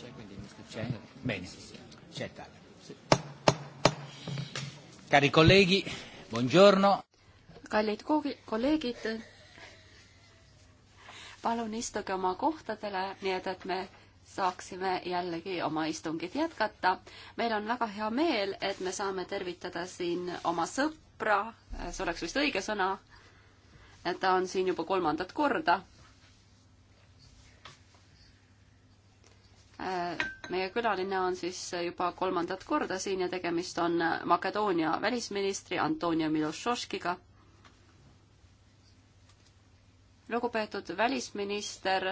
c'è, quindi c'è. Bene, c'è tale. Sì. Cari colleghi, buongiorno. Kallid kolleegid, palun istuge oma kohtadele, nii et, et me saaksime jällegi oma istungit jätkata. meil on väga hea meel, et me saame tervitada siin oma sõpra, see oleks vist õige sõna, et ta on siin juba kolmandat korda meie külaline on siis juba kolmandat korda siin ja tegemist on Makedoonia välisministri Antonio Milošoškiga. lugupeetud välisminister,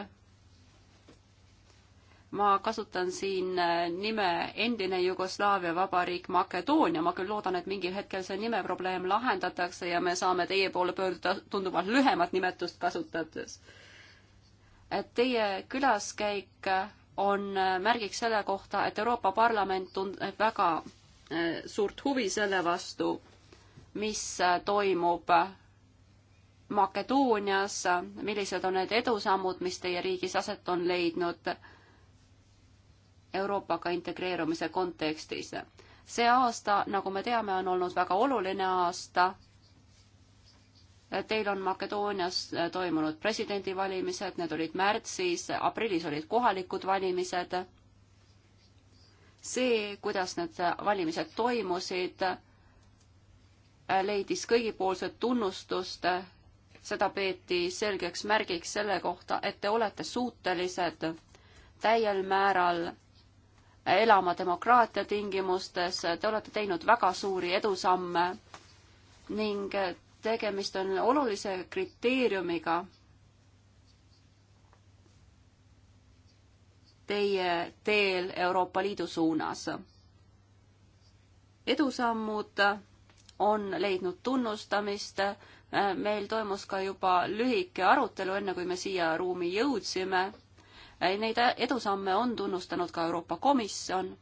ma kasutan siin nime endine Jugoslaavia vabariik Makedoonia, ma küll loodan, et mingil hetkel see nimeprobleem lahendatakse ja me saame teie poole pöörduda tunduvalt lühemat nimetust kasutades. et teie külaskäik on äh, märgiks selle kohta, et Euroopa Parlament tunneb äh, väga äh, suurt huvi selle vastu, mis toimub Makedoonias, millised on need edusammud, mis teie riigis aset on leidnud Euroopaga integreerumise kontekstis. see aasta, nagu me teame, on olnud väga oluline aasta Teil on Makedoonias äh, toimunud presidendivalimised, need olid märtsis, aprillis olid kohalikud valimised. see, kuidas need valimised toimusid, äh, leidis kõigipoolset tunnustust. seda peeti selgeks märgiks selle kohta, et te olete suutelised täiel määral elama demokraatia tingimustes, te olete teinud väga suuri edusamme ning tegemist on olulise kriteeriumiga teie teel Euroopa Liidu suunas. edusammud on leidnud tunnustamist, meil toimus ka juba lühike arutelu, enne kui me siia ruumi jõudsime. Neid edusamme on tunnustanud ka Euroopa Komisjon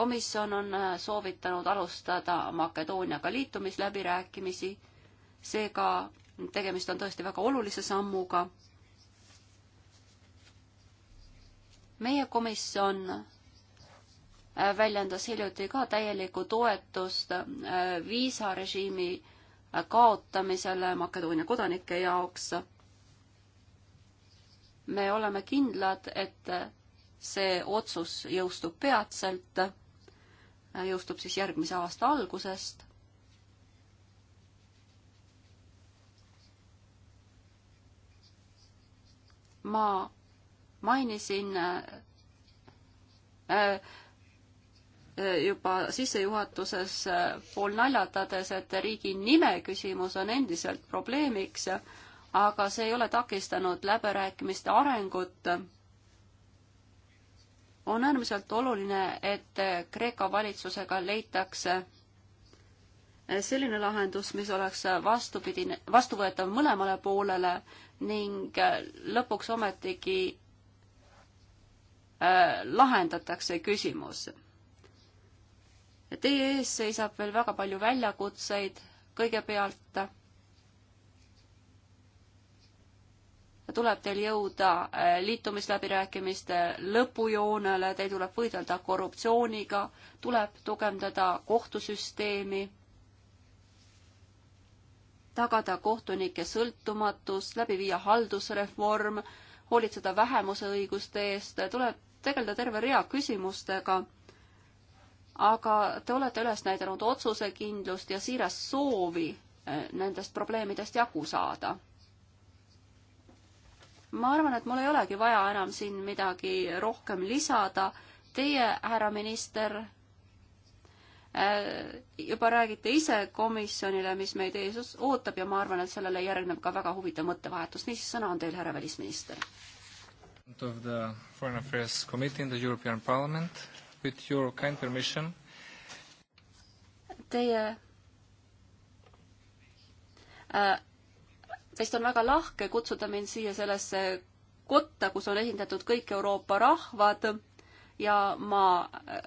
komisjon on äh, soovitanud alustada Makedooniaga liitumisläbirääkimisi, seega tegemist on tõesti väga olulise sammuga. meie komisjon äh, väljendas hiljuti ka täielikku toetust äh, viisarežiimi kaotamisele Makedoonia kodanike jaoks. me oleme kindlad, et see otsus jõustub peatselt Äh, jõustub siis järgmise aasta algusest. ma mainisin äh, äh, juba sissejuhatuses pool naljatades, et riigi nime küsimus on endiselt probleemiks, aga see ei ole takistanud läbirääkimiste arengut on äärmiselt oluline, et Kreeka valitsusega leitakse selline lahendus, mis oleks vastupidine, vastuvõetav mõlemale poolele ning lõpuks ometigi äh, lahendatakse küsimus. Teie ees seisab veel väga palju väljakutseid, kõigepealt tuleb teil jõuda äh, liitumisläbirääkimiste lõpujoonele, teil tuleb võidelda korruptsiooniga, tuleb tugevdada kohtusüsteemi, tagada kohtunike sõltumatus, läbi viia haldusreform, hoolitseda vähemuse õiguste eest, tuleb tegeleda terve rea küsimustega aga te olete üles näidanud otsusekindlust ja siirast soovi äh, nendest probleemidest jagu saada ma arvan, et mul ei olegi vaja enam siin midagi rohkem lisada. Teie, härra minister, äh, juba räägite ise komisjonile, mis meid ees ootab ja ma arvan, et sellele järgneb ka väga huvitav mõttevahetus. niisiis, sõna on teil, härra välisminister. of the Foreign Affairs Committee in the European Parliament with your kind permission. Teie äh, sest on väga lahke kutsuda mind siia sellesse kotta, kus on esindatud kõik Euroopa rahvad ja ma äh,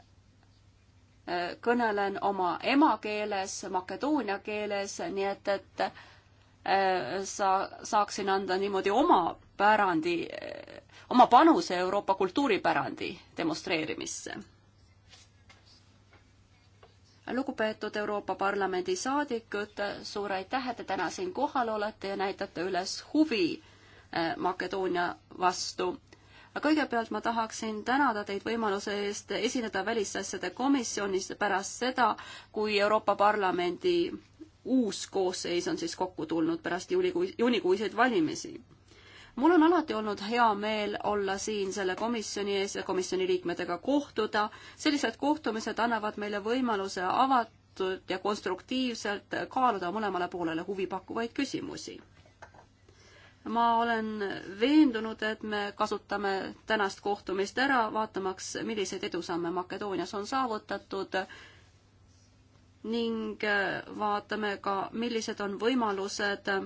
äh, kõnelen oma emakeeles, makedoonia keeles, nii et, et äh, sa, saaksin anda niimoodi oma pärandi, oma panuse Euroopa kultuuripärandi demonstreerimisse lugupeetud Euroopa Parlamendi saadikud, suur aitäh, et te täna siin kohal olete ja näitate üles huvi eh, Makedoonia vastu. kõigepealt ma tahaksin tänada teid võimaluse eest esineda välisasjade komisjonis pärast seda, kui Euroopa Parlamendi uus koosseis on siis kokku tulnud pärast juulikuu, juunikuiseid valimisi mul on alati olnud hea meel olla siin selle komisjoni ees ja komisjoni liikmetega kohtuda. sellised kohtumised annavad meile võimaluse avatud ja konstruktiivselt kaaluda mõlemale poolele huvipakkuvaid küsimusi. ma olen veendunud, et me kasutame tänast kohtumist ära, vaatamaks, milliseid edusamme Makedoonias on saavutatud ning vaatame ka, millised on võimalused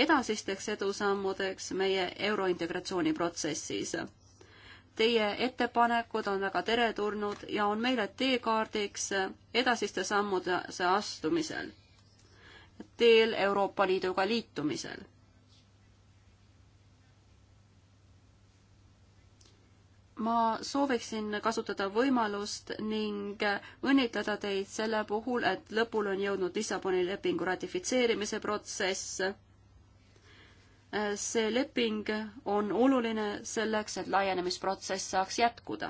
edasisteks edusammudeks meie eurointegratsiooni protsessis. Teie ettepanekud on väga teretulnud ja on meile teekaardiks edasiste sammude astumisel, teel Euroopa Liiduga liitumisel. ma sooviksin kasutada võimalust ning õnnitleda teid selle puhul, et lõpule on jõudnud Lissaboni lepingu ratifitseerimise protsess see leping on oluline selleks, et laienemisprotsess saaks jätkuda.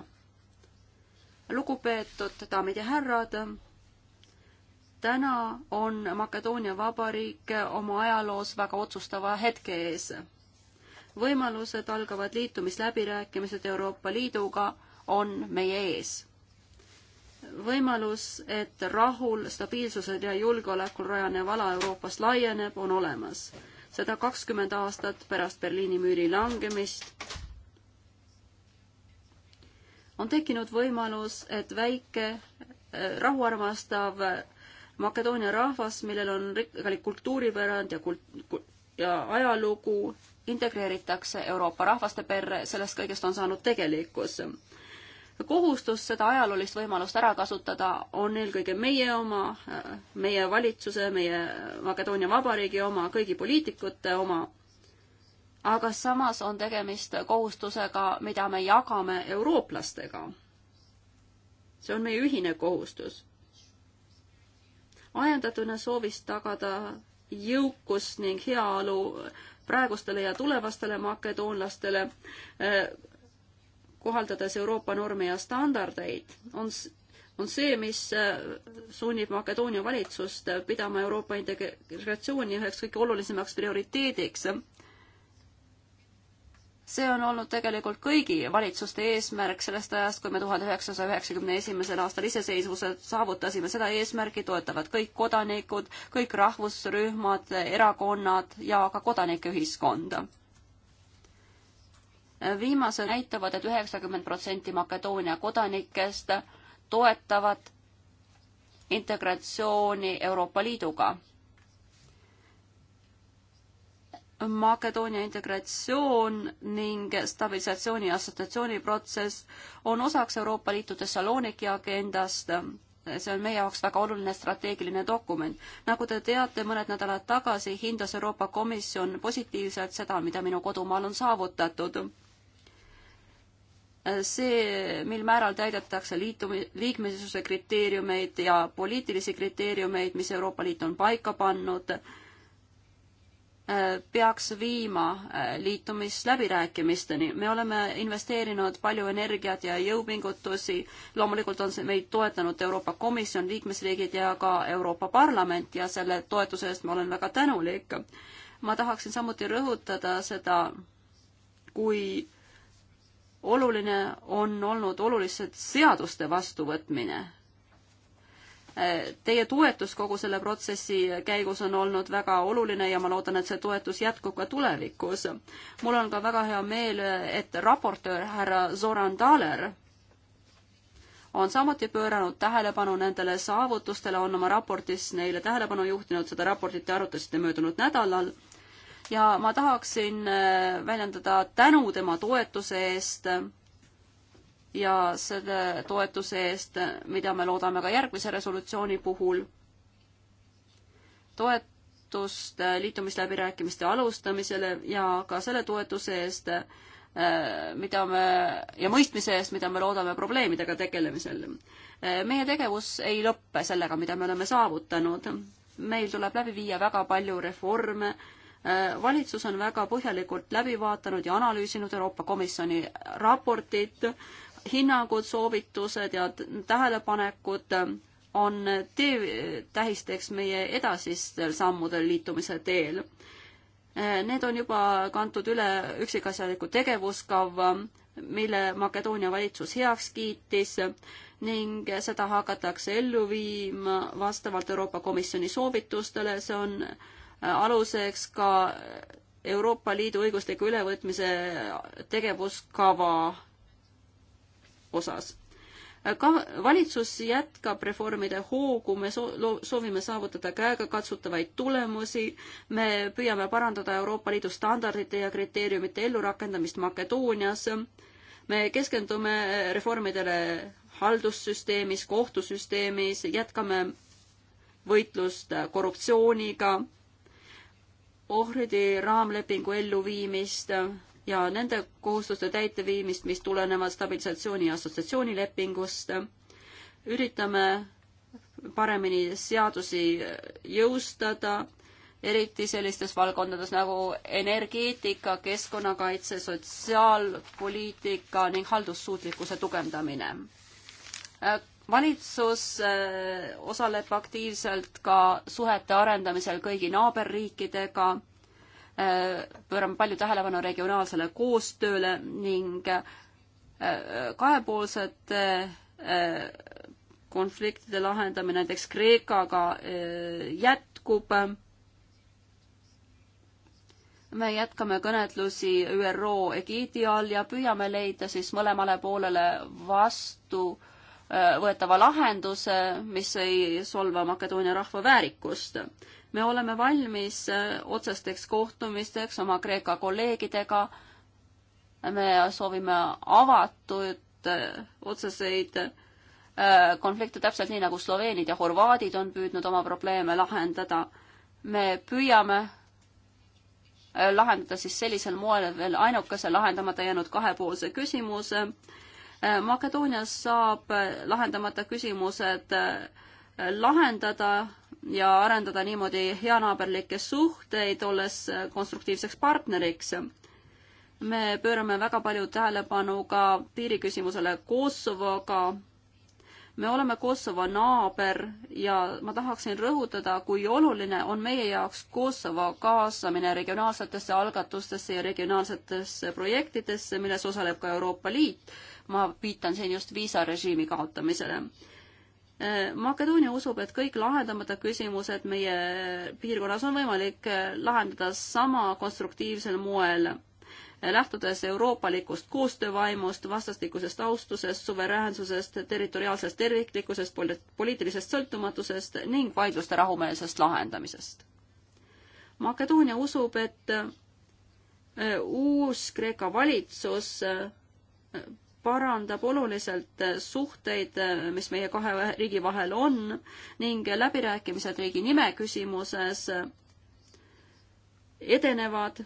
lugupeetud daamid ja härrad, täna on Makedoonia Vabariik oma ajaloos väga otsustava hetke ees võimalused algavad liitumisläbirääkimised Euroopa Liiduga on meie ees. võimalus, et rahul, stabiilsusel ja julgeolekul rajanev ala Euroopast laieneb, on olemas seda kakskümmend aastat pärast Berliini müüri langemist on tekkinud võimalus, et väike äh, rahuarmastav Makedoonia rahvas, millel on rikkalik kultuuripärand ja kult- ja ajalugu, integreeritakse Euroopa rahvaste perre, sellest kõigest on saanud tegelikkus kohustus seda ajaloolist võimalust ära kasutada on eelkõige meie oma, meie valitsuse, meie Makedoonia Vabariigi oma, kõigi poliitikute oma. aga samas on tegemist kohustusega, mida me jagame eurooplastega. see on meie ühine kohustus. ajendatuna soovist tagada jõukus ning heaolu praegustele ja tulevastele makedoonlastele kohaldades Euroopa norme ja standardeid, on, on see, mis äh, sunnib Makedoonia valitsust pidama Euroopa integratsiooni üheks kõige olulisemaks prioriteediks. see on olnud tegelikult kõigi valitsuste eesmärk sellest ajast, kui me tuhande üheksasaja üheksakümne esimesel aastal iseseisvuse saavutasime, seda eesmärki toetavad kõik kodanikud, kõik rahvusrühmad, erakonnad ja ka kodanikeühiskond viimased näitavad et, et üheksakümmend protsenti Makedoonia kodanikest toetavad integratsiooni Euroopa Liiduga. Makedoonia integratsioon ning stabilisatsiooni ja assotsiatsiooniprotsess on osaks Euroopa Liitu Thessaloniki agendast. see on meie jaoks väga oluline strateegiline dokument. nagu te teate, mõned nädalad tagasi hindas Euroopa Komisjon positiivselt seda, mida minu kodumaal on saavutatud see, mil määral täidetakse liitumi-, liikmesuse kriteeriumeid ja poliitilisi kriteeriumeid, mis Euroopa Liit on paika pannud, äh, peaks viima äh, liitumisläbirääkimisteni. me oleme investeerinud palju energiat ja jõupingutusi, loomulikult on see meid toetanud Euroopa Komisjon, liikmesriigid ja ka Euroopa Parlament ja selle toetuse eest ma olen väga tänulik. ma tahaksin samuti rõhutada seda, kui äh, oluline on olnud oluliselt seaduste vastuvõtmine. Teie toetus kogu selle protsessi käigus on olnud väga oluline ja ma loodan, et see toetus jätkub ka tulevikus. mul on ka väga hea meel, et raportöör härra Zoran Thaler on samuti pööranud tähelepanu nendele saavutustele, on oma raportis neile tähelepanu juhtinud, seda raportit te arutasite möödunud nädalal ja ma tahaksin äh, väljendada tänu tema toetuse eest ja selle toetuse eest, mida me loodame ka järgmise resolutsiooni puhul. toetust liitumisläbirääkimiste alustamisele ja ka selle toetuse eest, äh, mida me ja mõistmise eest, mida me loodame probleemidega tegelemisel. Äh, meie tegevus ei lõppe sellega, mida me oleme saavutanud. meil tuleb läbi viia väga palju reforme Äh, valitsus on väga põhjalikult läbi vaadanud ja analüüsinud Euroopa Komisjoni raportit, hinnangud, soovitused ja tähelepanekud äh, on teetähisteks meie edasistel sammudel liitumise teel. Äh, need on juba kantud üle üksikasjaliku tegevuskava, mille Makedoonia valitsus heaks kiitis ning seda hakatakse ellu viima vastavalt Euroopa Komisjoni soovitustele, see on aluseks ka Euroopa Liidu õigusliku ülevõtmise tegevuskava osas. ka valitsus jätkab reformide hoogu, me soovime saavutada käegakatsutavaid tulemusi, me püüame parandada Euroopa Liidu standardite ja kriteeriumite ellurakendamist Makedoonias, me keskendume reformidele haldussüsteemis, kohtusüsteemis, jätkame võitlust korruptsiooniga ohvridi raamlepingu elluviimist ja nende kohustuste täiteviimist, mis tulenevad stabilisatsiooni ja assotsiatsioonilepingust. üritame paremini seadusi jõustada, eriti sellistes valdkondades nagu energeetika, keskkonnakaitse, sotsiaalpoliitika ning haldussuutlikkuse tugevdamine valitsus äh, osaleb aktiivselt ka suhete arendamisel kõigi naaberriikidega, äh, pöörame palju tähelepanu regionaalsele koostööle ning äh, kahepoolsete konfliktide lahendamine näiteks Kreekaga jätkub. me jätkame kõnetlusi ÜRO egiidi all ja püüame leida siis mõlemale poolele vastu äh, Äh, võetava lahenduse, mis ei solva Makedoonia rahva väärikust. me oleme valmis äh, otsesteks kohtumisteks oma Kreeka kolleegidega. me soovime avatud äh, otseseid konflikte täpselt nii, nagu sloveenid ja horvaadid on püüdnud oma probleeme lahendada. me püüame lahendada siis sellisel moel veel ainukese lahendamata jäänud kahepoolse küsimuse Äh, Makedoonias saab äh, lahendamata küsimused äh, lahendada ja arendada niimoodi heanaaberlikke suhteid, olles konstruktiivseks partneriks. me pöörame väga palju tähelepanu ka piiriküsimusele Kosovoga me oleme Kosovo naaber ja ma tahaksin rõhutada, kui oluline on meie jaoks Kosovo kaasamine regionaalsetesse algatustesse ja regionaalsetesse projektidesse, milles osaleb ka Euroopa Liit. ma viitan siin just viisarežiimi kaotamisele. Äh, Makedoonia usub, et kõik lahendamata küsimused meie piirkonnas on võimalik äh, lahendada sama konstruktiivsel moel lähtudes euroopalikust koostöövaimust, vastastikusest austusest, suveräänsusest, territoriaalsest terviklikkusest, poliitilisest sõltumatusest ning vaidluste rahumeelsest lahendamisest. Makedoonia usub, et äh, uus Kreeka valitsus äh, parandab oluliselt äh, suhteid, mis meie kahe riigi vahel on ning läbirääkimised riigi nime küsimuses edenevad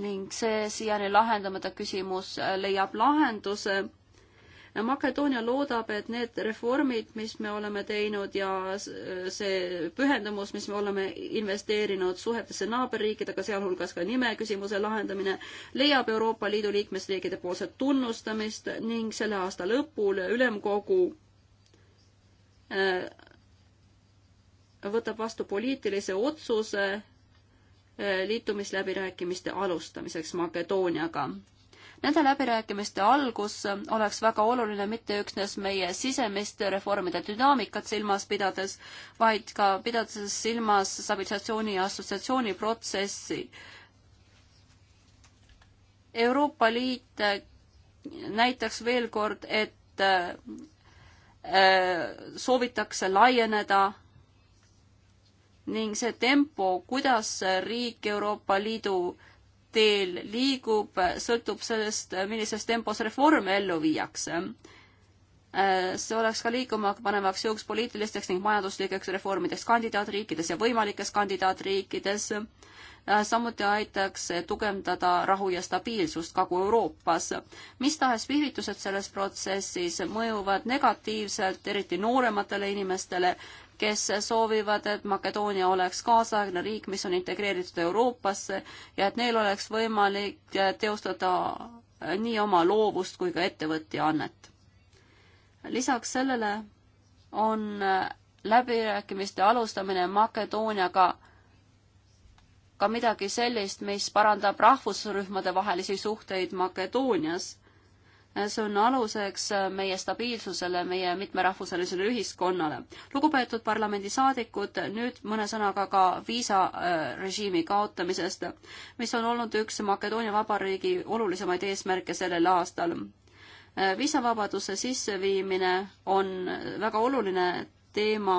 ning see siiani lahendamata küsimus äh, leiab lahenduse. Makedoonia loodab, et need reformid, mis me oleme teinud ja see pühendumus, mis me oleme investeerinud suhetesse naaberriikidega, sealhulgas ka nime küsimuse lahendamine, leiab Euroopa Liidu liikmesriikide poolset tunnustamist ning selle aasta lõpul ülemkogu äh, võtab vastu poliitilise otsuse liitumisläbirääkimiste alustamiseks Makedooniaga. Nende läbirääkimiste algus oleks väga oluline mitte üksnes meie sisemiste reformide dünaamikat silmas pidades, vaid ka pidades silmas stabilisatsiooni ja assotsiatsiooni protsessi. Euroopa Liit näitaks veel kord, et äh, soovitakse laieneda ning see tempo, kuidas riik Euroopa Liidu teel liigub, sõltub sellest, millises tempos reforme ellu viiakse. see oleks ka liikuma panemaks jõuks poliitilisteks ning majanduslikeks reformideks kandidaatriikides ja võimalikes kandidaatriikides. samuti aitaks tugevdada rahu ja stabiilsust Kagu-Euroopas. mis tahes viivitused selles protsessis mõjuvad negatiivselt, eriti noorematele inimestele kes soovivad, et Makedoonia oleks kaasaegne riik, mis on integreeritud Euroopasse ja et neil oleks võimalik teostada nii oma loovust kui ka ettevõtja annet. lisaks sellele on läbirääkimiste alustamine Makedooniaga ka midagi sellist, mis parandab rahvusrühmade vahelisi suhteid Makedoonias see on aluseks meie stabiilsusele, meie mitmerahvuselisele ühiskonnale. lugupeetud parlamendisaadikud, nüüd mõne sõnaga ka viisarežiimi äh, kaotamisest, mis on olnud üks Makedoonia Vabariigi olulisemaid eesmärke sellel aastal. Äh, viisavabaduse sisseviimine on väga oluline teema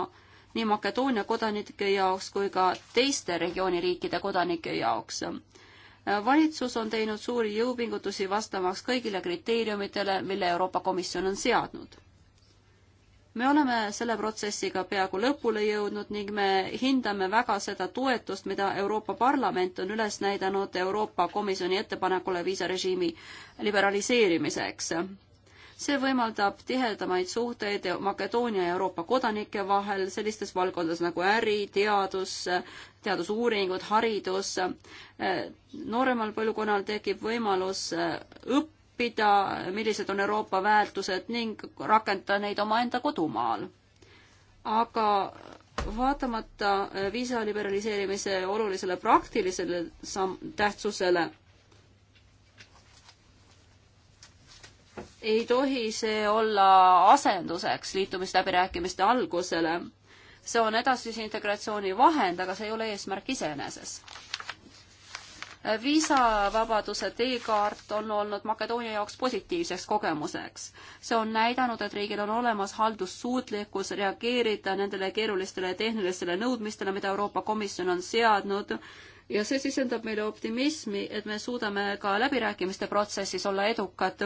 nii Makedoonia kodanike jaoks kui ka teiste regiooni riikide kodanike jaoks valitsus on teinud suuri jõupingutusi vastamaks kõigile kriteeriumitele, mille Euroopa Komisjon on seadnud. me oleme selle protsessiga peaaegu lõpule jõudnud ning me hindame väga seda toetust, mida Euroopa Parlament on üles näidanud Euroopa Komisjoni ettepanekule viisarežiimi liberaliseerimiseks see võimaldab tihedamaid suhteid Makedoonia ja Euroopa kodanike vahel sellistes valdkondades nagu äri, teadus, teadusuuringud, haridus. nooremal põlvkonnal tekib võimalus õppida, millised on Euroopa väärtused ning rakendada neid omaenda kodumaal. aga vaatamata viisa liberaliseerimise olulisele praktilisele samm, tähtsusele ei tohi see olla asenduseks liitumisläbirääkimiste algusele. see on edasise integratsiooni vahend, aga see ei ole eesmärk iseeneses. viisavabaduse teekaart on olnud Makedoonia jaoks positiivseks kogemuseks. see on näidanud, et riigil on olemas haldussuutlikkus reageerida nendele keerulistele tehnilistele nõudmistele, mida Euroopa Komisjon on seadnud ja see sisendab meile optimismi, et me suudame ka läbirääkimiste protsessis olla edukad.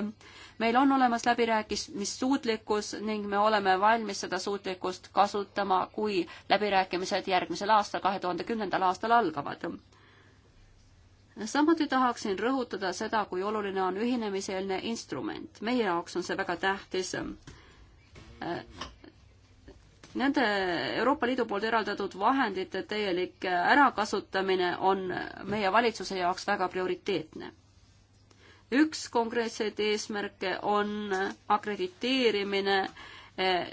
meil on olemas läbirääkimissuutlikkus ning me oleme valmis seda suutlikkust kasutama, kui läbirääkimised järgmisel aastal, kahe tuhande kümnendal aastal algavad. samuti tahaksin rõhutada seda, kui oluline on ühinemiseelne instrument. meie jaoks on see väga tähtis Nende Euroopa Liidu poolt eraldatud vahendite täielik ärakasutamine on meie valitsuse jaoks väga prioriteetne. üks konkreetseid eesmärke on akrediteerimine eh,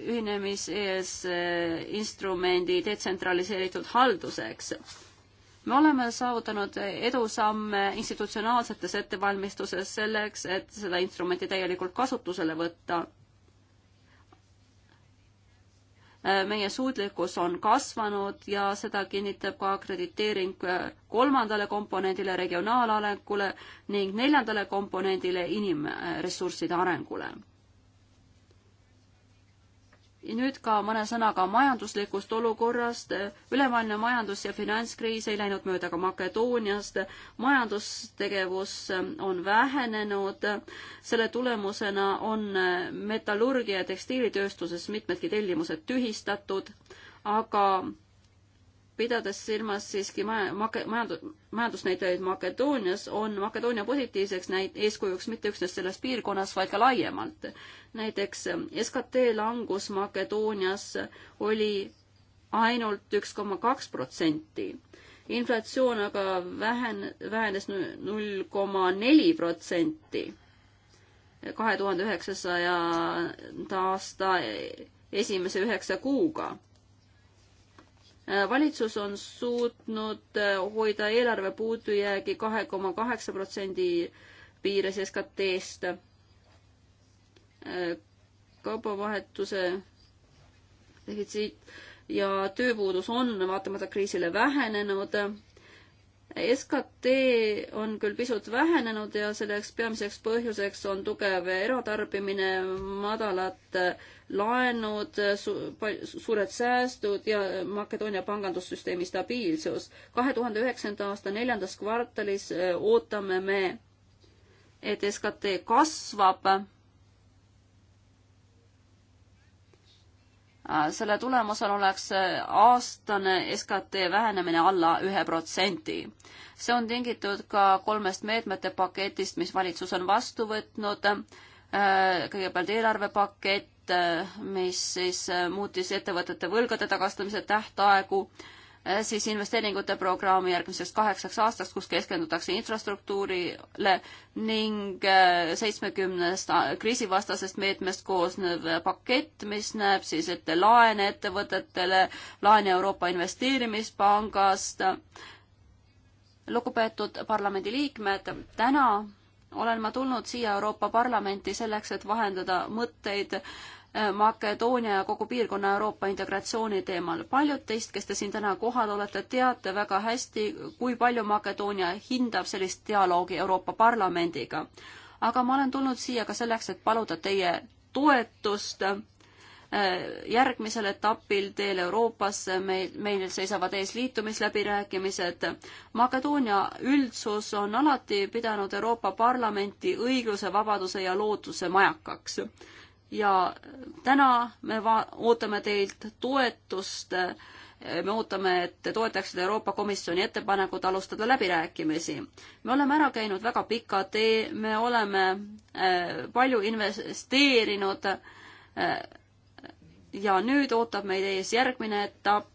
ühinemisees eh, instrumendi detsentraliseeritud halduseks me oleme saavutanud edusamme institutsionaalsetes ettevalmistuses selleks, et seda instrumenti täielikult kasutusele võtta Äh, meie suutlikkus on kasvanud ja seda kinnitab ka akrediteering äh, kolmandale komponendile, regionaalarengule ning neljandale komponendile, inimressursside arengule nüüd ka mõne sõnaga majanduslikust olukorrast. ülemaailmne majandus- ja finantskriis ei läinud mööda ka Makedooniast. majandustegevus on vähenenud. selle tulemusena on metallurgia ja tekstiilitööstuses mitmedki tellimused tühistatud, aga pidades silmas siiski majandus, majandusnäitajaid Makedoonias, on Makedoonia positiivseks näit-, eeskujuks mitte üksnes selles piirkonnas, vaid ka laiemalt. näiteks SKT langus Makedoonias oli ainult üks koma kaks protsenti. inflatsioon aga vähen-, vähenes null koma neli protsenti kahe tuhande üheksasaja aasta esimese üheksa kuuga valitsus on suutnud äh, hoida eelarve puudujäägi kahe koma kaheksa protsendi piires SKT-st. Äh, kaubavahetuse defitsiit ja tööpuudus on vaatamata kriisile vähenenud SKT on küll pisut vähenenud ja selleks peamiseks põhjuseks on tugev eratarbimine, madalad laenud su, suured säästud ja Makedoonia pangandussüsteemi stabiilsus. kahe tuhande üheksanda aasta neljandas kvartalis äh, ootame me, et SKT kasvab Äh, selle tulemusel oleks äh, aastane SKT vähenemine alla ühe protsendi. see on tingitud ka kolmest meetmete paketist, mis valitsus on vastu võtnud. Äh, kõigepealt eelarvepakett, mis siis muutis ettevõtete võlgade tagastamise tähtaegu Äh, siis investeeringute programmi järgmiseks kaheksaks aastaks, kus keskendutakse infrastruktuurile ning äh, seitsmekümnest äh, kriisivastasest meetmest koosnev pakett, mis näeb siis ette laene ettevõtetele, laene Euroopa Investeerimispangast. lugupeetud parlamendiliikmed, täna olen ma tulnud siia Euroopa Parlamenti selleks, et vahendada mõtteid Äh, Makedoonia ja kogu piirkonna Euroopa integratsiooni teemal. paljud teist, kes te siin täna kohal olete, teate väga hästi, kui palju Makedoonia hindab sellist dialoogi Euroopa Parlamendiga. aga ma olen tulnud siia ka selleks, et paluda teie toetust äh, järgmisel etapil teel Euroopasse, meil, meil seisavad ees liitumisläbirääkimised. Makedoonia üldsus on alati pidanud Euroopa Parlamenti õigluse, vabaduse ja lootuse majakaks ja täna me va-, ootame teilt toetust, me ootame, et te toetaksite Euroopa Komisjoni ettepanekut alustada läbirääkimisi. me oleme ära käinud väga pika tee, me oleme äh, palju investeerinud äh, ja nüüd ootab meid ees järgmine etapp,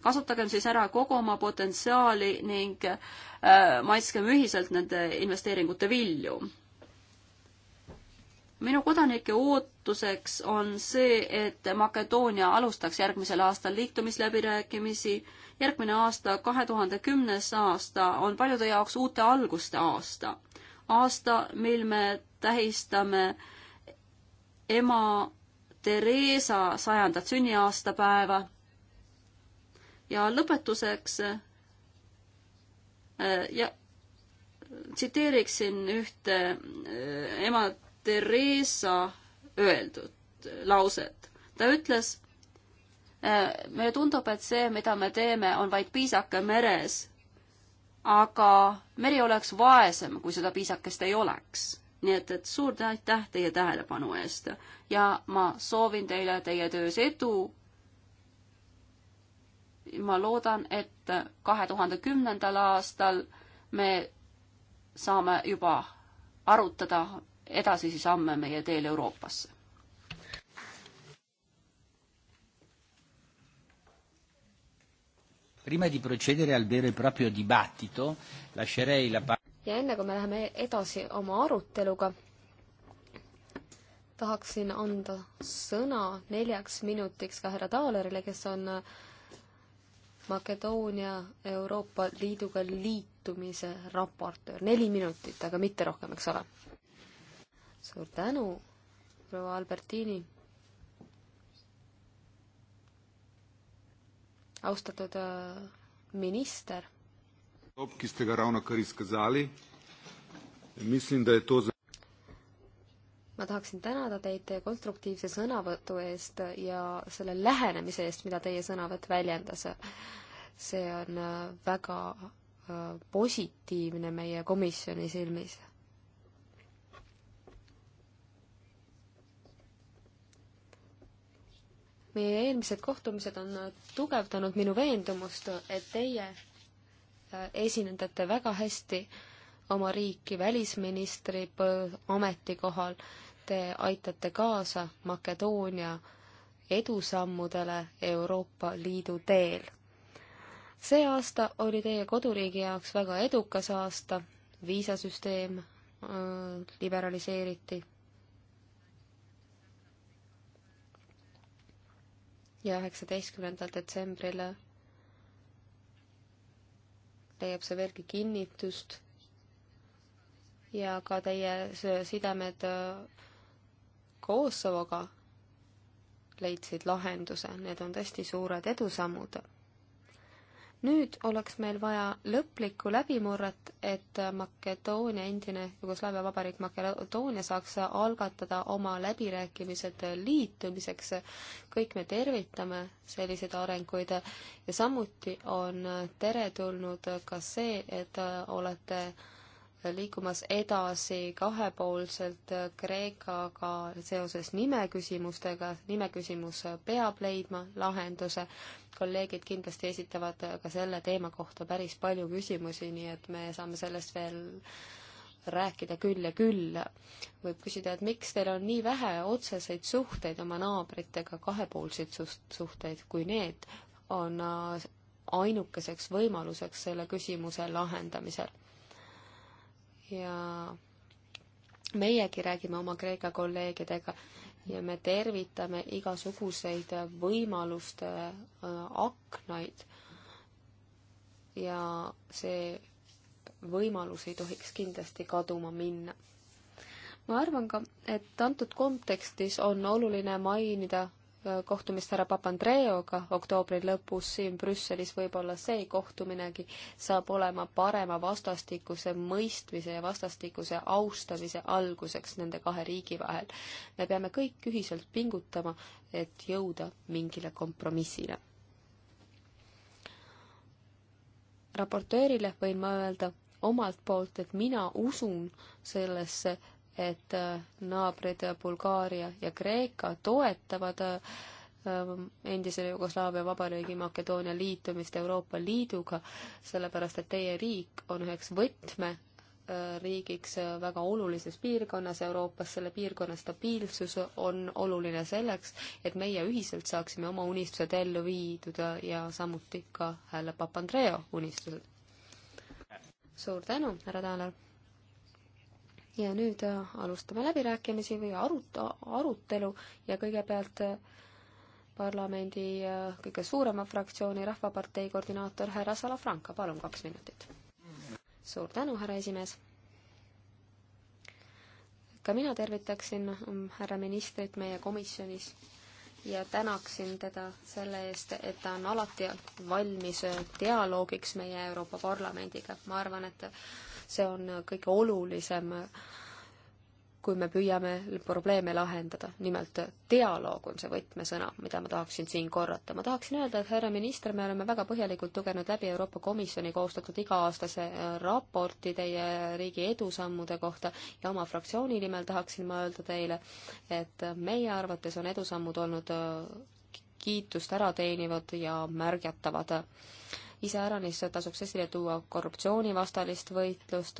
kasutagem siis ära kogu oma potentsiaali ning äh, maitskem ühiselt nende investeeringute vilju minu kodanike ootuseks on see, et Makedoonia alustaks järgmisel aastal liitumisläbirääkimisi. järgmine aasta, kahe tuhande kümnes aasta, on paljude jaoks uute alguste aasta. aasta, mil me tähistame ema Theresa sajandat sünniaastapäeva. ja lõpetuseks äh, ja tsiteeriksin ühte äh, ema Theresa öeldud lauset. ta ütles, äh, mulle tundub, et see, mida me teeme, on vaid piisake meres, aga meri oleks vaesem, kui seda piisakest ei oleks. nii et, et suur aitäh teie tähelepanu eest ja ma soovin teile teie töös edu. ma loodan, et kahe tuhande kümnendal aastal me saame juba arutada edasisi samme meie teel Euroopasse. Prima di procedere al vero e proprio dibattito, lascerei la ja enne kui me läheme edasi oma aruteluga, tahaksin anda sõna neljaks minutiks ka härra Taalerile, kes on Makedoonia Euroopa Liiduga liitumise raportöör. neli minutit, aga mitte rohkem, eks ole? suur tänu, proua Albertini. austatud äh, minister. ki ste ga ravnokar izkazali. Mislim, da je to za ma tahaksin tänada teid teie konstruktiivse sõnavõtu eest ja selle lähenemise eest, mida teie sõnavõtt väljendas. see on äh, väga äh, positiivne meie komisjoni silmis meie eelmised kohtumised on tugevdanud minu veendumust, et teie äh, esinendate väga hästi oma riiki välisministri ametikohal. Te aitate kaasa Makedoonia edusammudele Euroopa Liidu teel. see aasta oli teie koduriigi jaoks väga edukas aasta, viisasüsteem äh, liberaliseeriti ja üheksateistkümnendal detsembril leiab see veelgi kinnitust ja ka teie sidemed äh, Kosovoga leidsid lahenduse, need on tõesti suured edusammud nüüd oleks meil vaja lõplikku läbimurret, et Makedoonia, endine Jugoslaavia vabariik Makedoonia saaks algatada oma läbirääkimised liitumiseks. kõik me tervitame selliseid arenguid ja samuti on teretulnud ka see, et olete liikumas edasi kahepoolselt Kreekaga seoses nimeküsimustega, nimeküsimus peab leidma lahenduse. kolleegid kindlasti esitavad ka selle teema kohta päris palju küsimusi, nii et me saame sellest veel rääkida küll ja küll. võib küsida, et miks teil on nii vähe otseseid suhteid oma naabritega, kahepoolseid suhteid, kui need on äh, ainukeseks võimaluseks selle küsimuse lahendamisel ja meiegi räägime oma Kreeka kolleegidega ja me tervitame igasuguseid võimaluste äh, aknaid. ja see võimalus ei tohiks kindlasti kaduma minna. ma arvan ka, et antud kontekstis on oluline mainida kohtumist härra Papandreoga oktoobri lõpus siin Brüsselis, võib-olla see kohtuminegi saab olema parema vastastikuse mõistmise ja vastastikuse austamise alguseks nende kahe riigi vahel. me peame kõik ühiselt pingutama, et jõuda mingile kompromissile. raportöörile võin ma öelda omalt poolt, et mina usun sellesse et äh, naabrid Bulgaaria ja Kreeka toetavad äh, endise Jugoslaavia vabariigi Makedoonia liitumist Euroopa Liiduga, sellepärast et teie riik on üheks võtme äh, riigiks väga olulises piirkonnas Euroopas, selle piirkonna stabiilsus on oluline selleks, et meie ühiselt saaksime oma unistused ellu viidud ja samuti ka härra Papandreou unistused. suur tänu, härra Taaler! ja nüüd äh, alustame läbirääkimisi või arut-, arutelu ja kõigepealt äh, parlamendi äh, kõige suurema fraktsiooni Rahvapartei koordinaator härra Salafranca, palun kaks minutit. suur tänu, härra esimees. ka mina tervitaksin mm, härra ministrit meie komisjonis ja tänaksin teda selle eest, et ta on alati valmis dialoogiks meie Euroopa Parlamendiga. ma arvan, et see on kõige olulisem, kui me püüame probleeme lahendada. nimelt dialoog on see võtmesõna, mida ma tahaksin siin korrata. ma tahaksin öelda, et härra minister, me oleme väga põhjalikult lugenud läbi Euroopa Komisjoni koostatud iga-aastase raporti teie riigi edusammude kohta ja oma fraktsiooni nimel tahaksin ma öelda teile, et meie arvates on edusammud olnud kiitust ära teenivad ja märgatavad iseäranis tasuks esile tuua korruptsioonivastalist võitlust,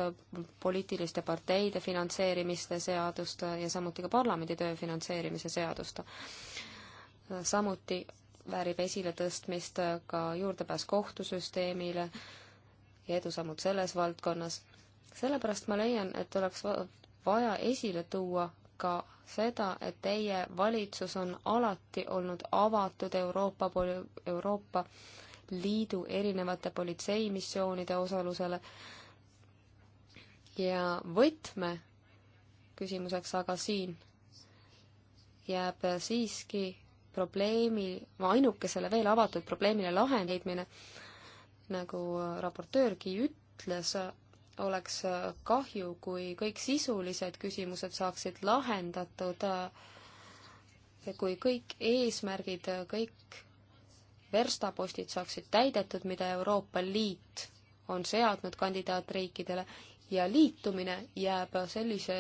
poliitiliste parteide finantseerimiste seadust ja samuti ka parlamendi töö finantseerimise seadust. samuti väärib esiletõstmist ka juurdepääs kohtusüsteemile ja edusammud selles valdkonnas. sellepärast ma leian, et oleks vaja esile tuua ka seda, et teie valitsus on alati olnud avatud Euroopa, Euroopa liidu erinevate politseimissioonide osalusele ja võtme küsimuseks aga siin jääb siiski probleemi, ainukesele veel avatud probleemile lahend leidmine, nagu raportöörgi ütles, oleks kahju, kui kõik sisulised küsimused saaksid lahendatud, kui kõik eesmärgid, kõik verstapostid saaksid täidetud, mida Euroopa Liit on seadnud kandidaatriikidele ja liitumine jääb sellise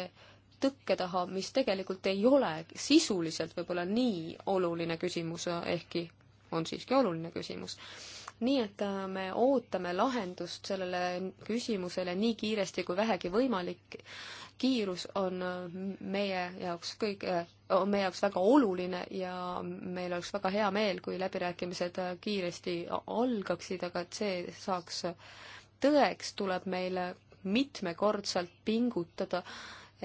tõkke taha, mis tegelikult ei ole sisuliselt võib-olla nii oluline küsimus, ehkki on siiski oluline küsimus nii et äh, me ootame lahendust sellele küsimusele nii kiiresti kui vähegi võimalik. kiirus on äh, meie jaoks kõige, äh, on meie jaoks väga oluline ja meil oleks väga hea meel, kui läbirääkimised kiiresti algaksid, aga et see saaks tõeks, tuleb meil mitmekordselt pingutada,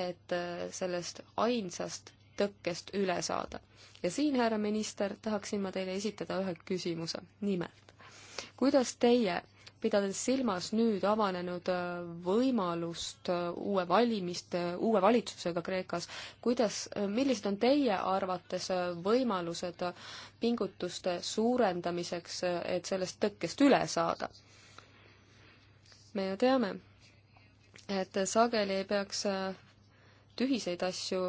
et sellest ainsast tõkkest üle saada. ja siin, härra minister, tahaksin ma teile esitada ühe küsimuse. nimelt, kuidas teie, pidades silmas nüüd avanenud äh, võimalust äh, uue valimiste, äh, uue valitsusega Kreekas, kuidas, millised on teie arvates võimalused pingutuste suurendamiseks, et sellest tõkkest üle saada? me ju teame, et sageli ei peaks tühiseid asju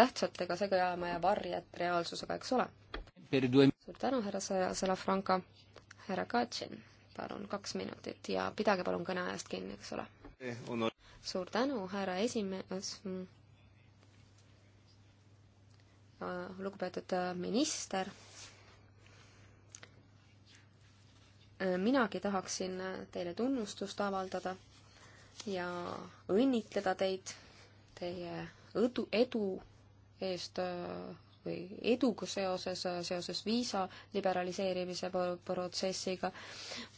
tähtsatega sega ajama ja varjat reaalsusega, eks ole suur tänu, härra Salafranco. härra Katšin, palun kaks minutit ja pidage palun kõne ajast kinni, eks ole eh,. suur tänu, härra esimees. Äh, lugupeetud äh, minister. Äh, minagi tahaksin teile tunnustust avaldada ja õnnitleda teid teie edu, edu eest või eduga seoses, seoses viisa liberaliseerimise protsessiga.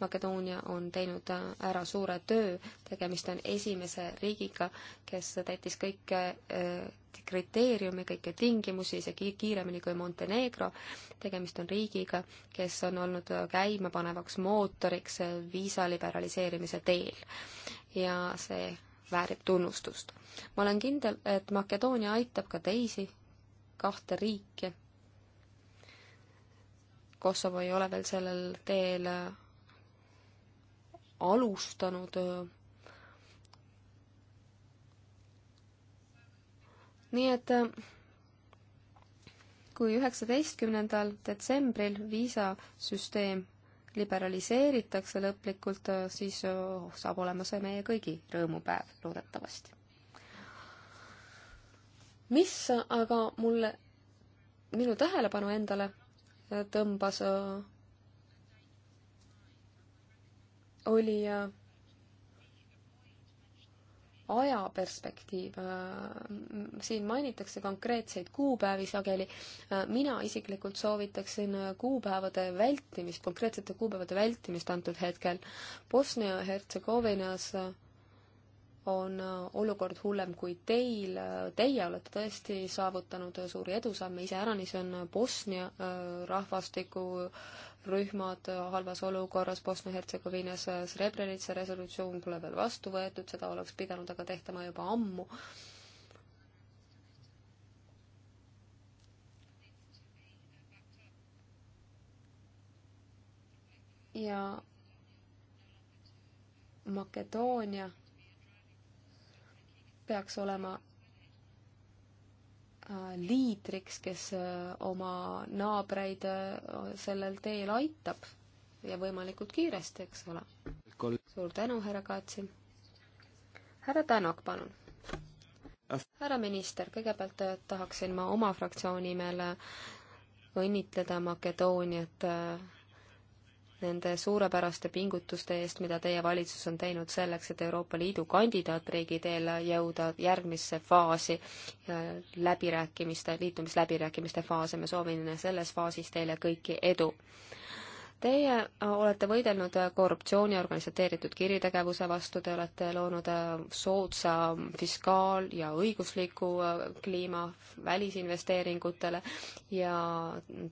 Makedoonia on teinud ära suure töö, tegemist on esimese riigiga, kes täitis kõike eh, kriteeriume, kõiki tingimusi, isegi kiiremini kui Montenegro. tegemist on riigiga, kes on olnud käimapanevaks mootoriks viisa liberaliseerimise teel ja see väärib tunnustust. ma olen kindel, et Makedoonia aitab ka teisi kahte riiki. Kosovo ei ole veel sellel teel äh, alustanud. Äh. nii et äh, kui üheksateistkümnendal detsembril viisasüsteem liberaliseeritakse lõplikult, siis saab olema see meie kõigi rõõmupäev loodetavasti mis aga mulle, minu tähelepanu endale tõmbas, äh, oli äh, ajaperspektiiv, äh, siin mainitakse konkreetseid kuupäevi sageli, mina isiklikult soovitaksin kuupäevade vältimist, konkreetsete kuupäevade vältimist antud hetkel. Bosnia-Hertsegoviinas on äh, olukord hullem kui teil, teie olete tõesti saavutanud suuri edusamme, iseäranis on Bosnia äh, rahvastikurühmad halvas olukorras, Bosnia-Hertsegoviinas äh, Srebrenica resolutsioon pole veel vastu võetud, seda oleks pidanud aga tehtama juba ammu. ja Makedoonia peaks olema äh, liidriks, kes äh, oma naabreid äh, sellel teel aitab ja võimalikult kiiresti, eks ole. suur tänu, härra Kaatsin. härra Tänak, palun. härra minister, kõigepealt tahaksin ma oma fraktsiooni nimel õnnitleda Makedooniat nende suurepäraste pingutuste eest, mida teie valitsus on teinud selleks, et Euroopa Liidu kandidaatriigi teel jõuda järgmisse faasi äh, läbirääkimiste, liitumisläbirääkimiste faase. ma soovin selles faasis teile kõiki edu. Teie äh, olete võidelnud äh, korruptsiooni organiseeritud kiritegevuse vastu, te olete loonud äh, soodsa mm, fiskaal- ja õigusliku kliima välisinvesteeringutele ja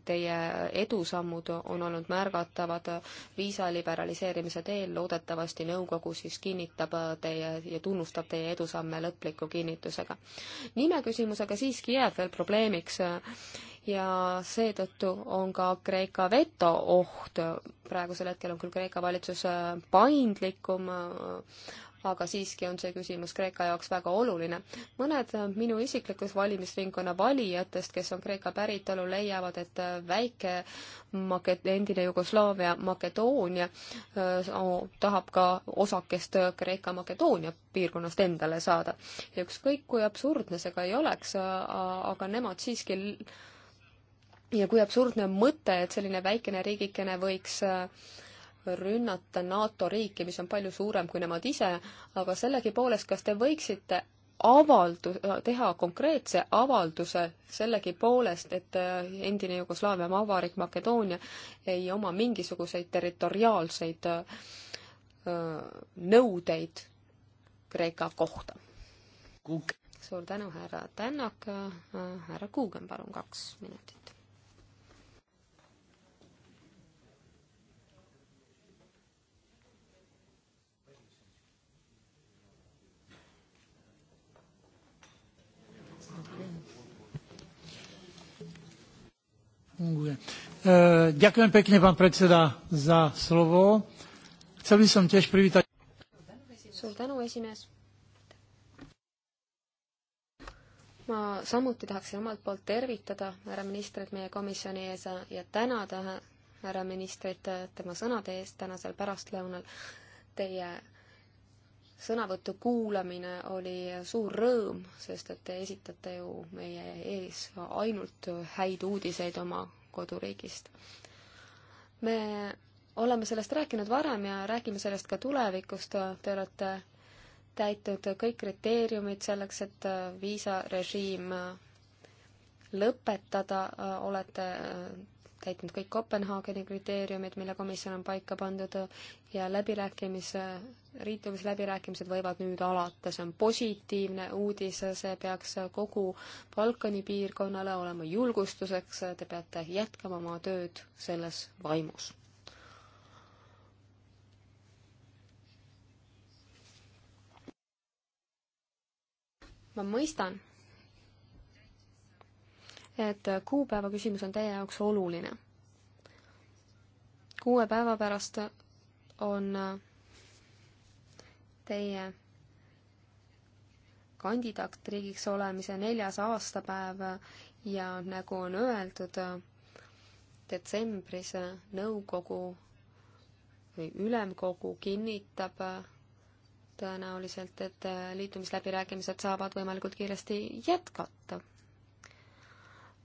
teie edusammud on olnud märgatavad viisa liberaliseerimise teel. loodetavasti nõukogu siis kinnitab teie ja tunnustab teie edusamme lõpliku kinnitusega. nimeküsimusega siiski jääb veel probleemiks ja seetõttu on ka Kreeka veto oht. praegusel hetkel on küll Kreeka valitsus äh, paindlikum, äh, aga siiski on see küsimus Kreeka jaoks väga oluline. mõned äh, minu isiklikus valimisringkonna valijatest, kes on Kreeka päritolu, leiavad, et väike Make-, endine Jugoslaavia Makedoonia öö, tahab ka osakest Kreeka Makedoonia piirkonnast endale saada. ja ükskõik, kui absurdne see ka ei oleks, aga nemad siiski ja kui absurdne mõte, et selline väikene riigikene võiks äh, rünnata NATO riiki, mis on palju suurem kui nemad ise, aga sellegipoolest, kas te võiksite avaldu-, teha konkreetse avalduse sellegipoolest, et äh, endine Jugoslaavia maavabariik Makedoonia ei oma mingisuguseid territoriaalseid äh, nõudeid Kreeka kohta. suur tänu, härra Tännak, härra Kuugen, palun kaks minutit. funguje. E, ďakujem pekne, pán predseda, za slovo. Chcel by som tiež privítať... Suur tänu, esimees. ma samuti tahaksin omalt poolt tervitada härra ministrit meie komisjoni ees ja tänada härra ministrit tema sõnade eest tänasel pärastlõunal. Teie sõnavõtu kuulamine oli suur rõõm, sest et te esitate ju meie ees ainult häid uudiseid oma koduriigist. me oleme sellest rääkinud varem ja räägime sellest ka tulevikust, te olete täitnud kõik kriteeriumid selleks, et viisarežiim lõpetada, olete täitnud kõik Kopenhaageni kriteeriumid, mille komisjon on paika pandud ja läbirääkimise, liitumisläbirääkimised võivad nüüd alata, see on positiivne uudis, see peaks kogu Balkani piirkonnale olema julgustuseks, te peate jätkama oma tööd selles vaimus. ma mõistan et kuupäeva küsimus on teie jaoks oluline. kuue päeva pärast on teie kandidaatriigiks olemise neljas aastapäev ja nagu on öeldud, detsembris nõukogu või ülemkogu kinnitab tõenäoliselt, et liitumisläbirääkimised saavad võimalikult kiiresti jätkata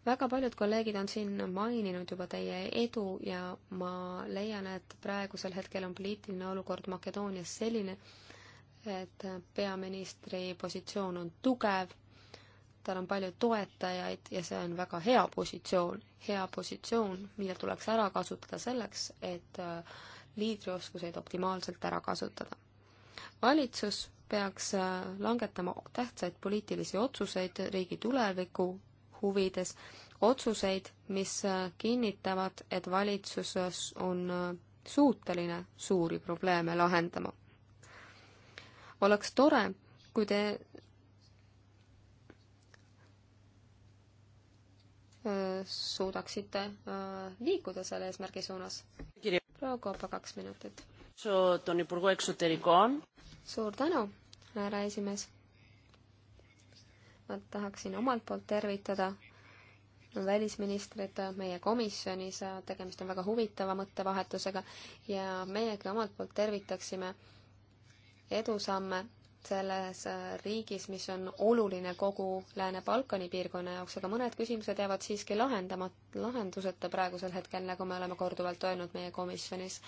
väga paljud kolleegid on siin maininud juba teie edu ja ma leian, et praegusel hetkel on poliitiline olukord Makedoonias selline, et peaministri positsioon on tugev, tal on palju toetajaid ja see on väga hea positsioon, hea positsioon, mida tuleks ära kasutada selleks, et äh, liidrioskuseid optimaalselt ära kasutada. valitsus peaks äh, langetama tähtsaid poliitilisi otsuseid riigi tuleviku huvides otsuseid, mis äh, kinnitavad, et valitsus äh, on äh, suuteline suuri probleeme lahendama. oleks tore, kui te suudaksite liikuda selle eesmärgi suunas. proua Koopa, kaks minutit. suur tänu, härra esimees ma tahaksin omalt poolt tervitada välisministrit meie komisjonis, tegemist on väga huvitava mõttevahetusega ja meiegi omalt poolt tervitaksime edusamme selles riigis, mis on oluline kogu Lääne-Balkani piirkonna jaoks, aga mõned küsimused jäävad siiski lahendama, lahenduseta praegusel hetkel, nagu me oleme korduvalt öelnud meie komisjonis.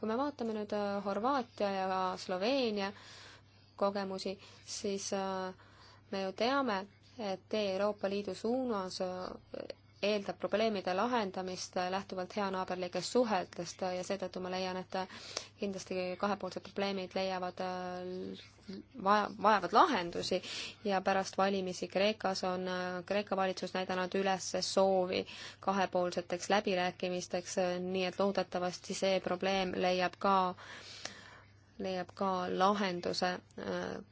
kui me vaatame nüüd Horvaatia ja Sloveenia kogemusi, siis äh, me ju teame, et tee Euroopa Liidu suunas eh, eeldab probleemide lahendamist eh, lähtuvalt heanaaberlikest suhetest eh, ja seetõttu ma leian, et kindlasti kahepoolsed probleemid leiavad vaja, vajavad lahendusi ja pärast valimisi Kreekas on Kreeka valitsus näidanud üles soovi kahepoolseteks läbirääkimisteks, nii et loodetavasti see probleem leiab ka äh, leiab ka lahenduse.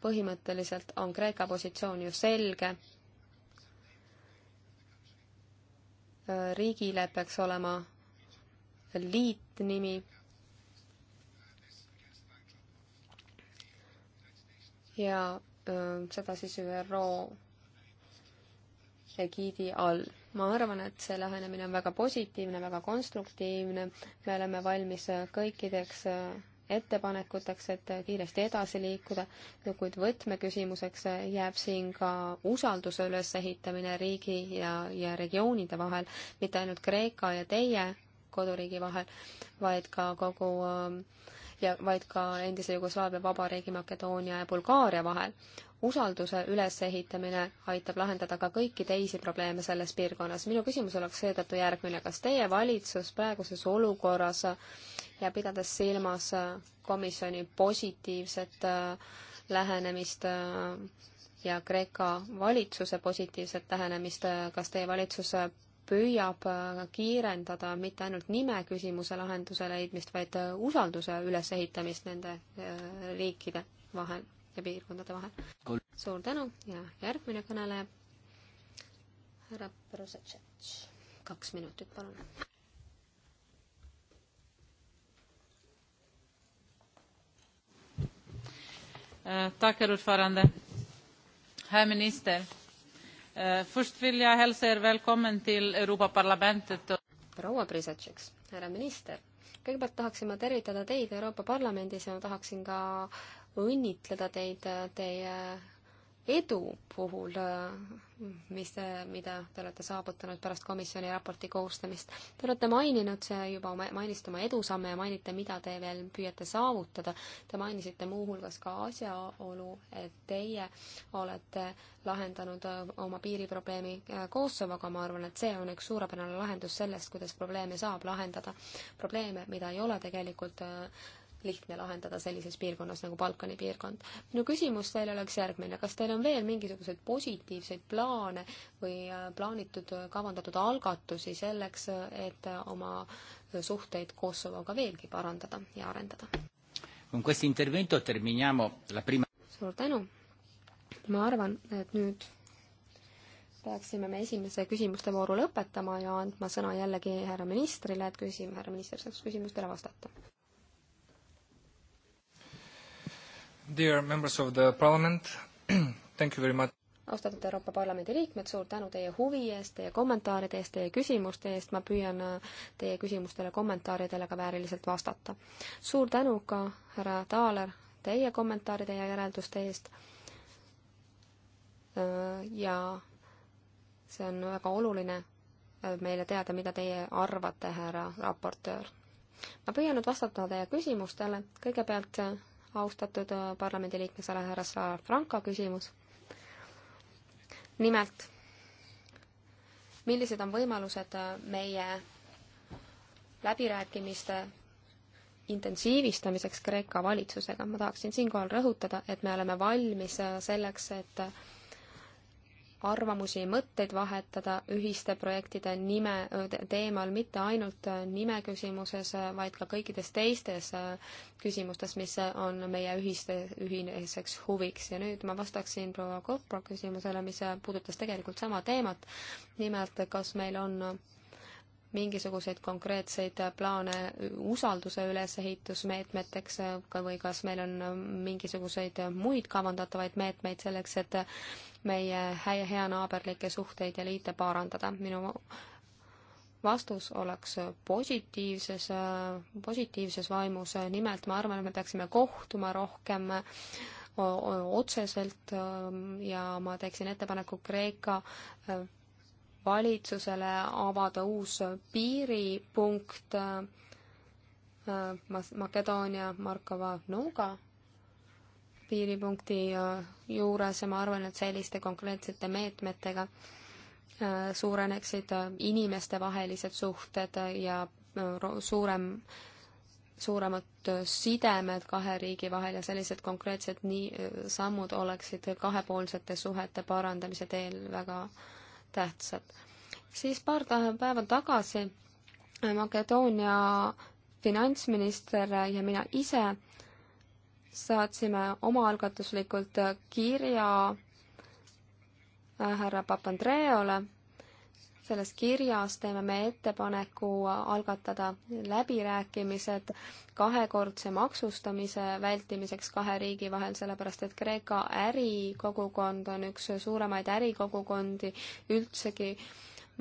põhimõtteliselt on Kreeka positsioon ju selge. riigile peaks olema liitnimi. ja seda siis ÜRO egiidi all. ma arvan, et see lähenemine on väga positiivne, väga konstruktiivne, me oleme valmis kõikideks ettepanekuteks, et kiiresti edasi liikuda, kuid võtmeküsimuseks jääb siin ka usalduse ülesehitamine riigi ja, ja regioonide vahel, mitte ainult Kreeka ja teie koduriigi vahel, vaid ka kogu ja vaid ka endise Jugoslaavia vabariigi Makedoonia ja Bulgaaria vahel. usalduse ülesehitamine aitab lahendada ka kõiki teisi probleeme selles piirkonnas. minu küsimus oleks seetõttu järgmine, kas teie valitsus praeguses olukorras äh, ja pidades silmas äh, komisjoni positiivset äh, lähenemist äh, ja Kreeka valitsuse positiivset lähenemist, kas teie valitsus püüab kiirendada mitte ainult nime küsimuse lahenduse leidmist, vaid usalduse ülesehitamist nende riikide vahel ja piirkondade vahel. suur tänu ja järgmine kõneleja, härra Prosetšetš, kaks minutit, palun. Eh, tack, herr ordförande. Herr minister, eh, först vill jag hälsa er välkommen till Europaparlamentet. proua Prisatšeks, härra minister, kõigepealt tahaksin ma tervitada teid Euroopa Parlamendis ja ma tahaksin ka õnnitleda teid eh, teie edu puhul, mis te, mida te olete saavutanud pärast komisjoni raporti koostamist. Te olete maininud juba, mainisite oma edusamme ja mainite, mida te veel püüate saavutada. Te mainisite muuhulgas ka asjaolu, et teie olete lahendanud äh, oma piiriprobleemi äh, Kosovoga, ma arvan, et see on üks suurepärane lahendus sellest, kuidas probleeme saab lahendada. probleeme, mida ei ole tegelikult äh, lihtne lahendada sellises piirkonnas nagu Balkani piirkond. minu küsimus teile oleks järgmine, kas teil on veel mingisuguseid positiivseid plaane või äh, plaanitud, äh, kavandatud algatusi selleks, äh, et oma suhteid Kosovoga veelgi parandada ja arendada? Prima... suur tänu! ma arvan, et nüüd peaksime me esimese küsimuste vooru lõpetama ja andma sõna jällegi härra ministrile, et küsime, härra minister saaks küsimustele vastata. Dear members of the parliament, thank you very much austatud Euroopa Parlamendi liikmed, suur tänu teie huvi eest, teie kommentaaride eest, teie küsimuste eest, ma püüan äh, teie küsimustele, kommentaaridele ka vääriliselt vastata. suur tänu ka, härra Taaler, teie kommentaaride ja järelduste eest. Äh, ja see on väga oluline äh, meile teada, mida teie arvate, härra raportöör. ma püüan nüüd vastata teie küsimustele, kõigepealt austatud äh, parlamendiliikme Sale härra Salafranco küsimus. nimelt, millised on võimalused äh, meie läbirääkimiste intensiivistamiseks Kreeka valitsusega. ma tahaksin siinkohal rõhutada, et me oleme valmis äh, selleks, et arvamusi, mõtteid vahetada ühiste projektide nime, teemal, mitte ainult nime küsimuses, vaid ka kõikides teistes küsimustes, mis on meie ühiste, ühineseks huviks. ja nüüd ma vastaksin proua Kopra küsimusele, mis puudutas tegelikult sama teemat, nimelt kas meil on mingisuguseid konkreetseid plaane usalduse ülesehitusmeetmeteks ka või kas meil on mingisuguseid muid kavandatavaid meetmeid selleks, et meie hea, hea naaberlikke suhteid ja liite parandada. minu vastus oleks positiivses, positiivses vaimus, nimelt ma arvan, et me peaksime kohtuma rohkem otseselt ja ma teeksin ettepaneku Kreeka valitsusele avada uus piiripunkt äh, äh, Makedoonia Markova Nuga piiripunkti äh, juures ja ma arvan, et selliste konkreetsete meetmetega suureneksid inimestevahelised suhted ja suurem, suuremad sidemed kahe riigi vahel ja sellised konkreetsed nii, sammud oleksid kahepoolsete suhete parandamise teel väga äh, tähtsad. siis paar päeva tagasi Makedoonia finantsminister ja mina ise saatsime omaalgatuslikult kirja härra Papandreole selles kirjas teeme me ettepaneku algatada läbirääkimised kahekordse maksustamise vältimiseks kahe riigi vahel, sellepärast et Kreeka ärikogukond on üks suuremaid ärikogukondi üldsegi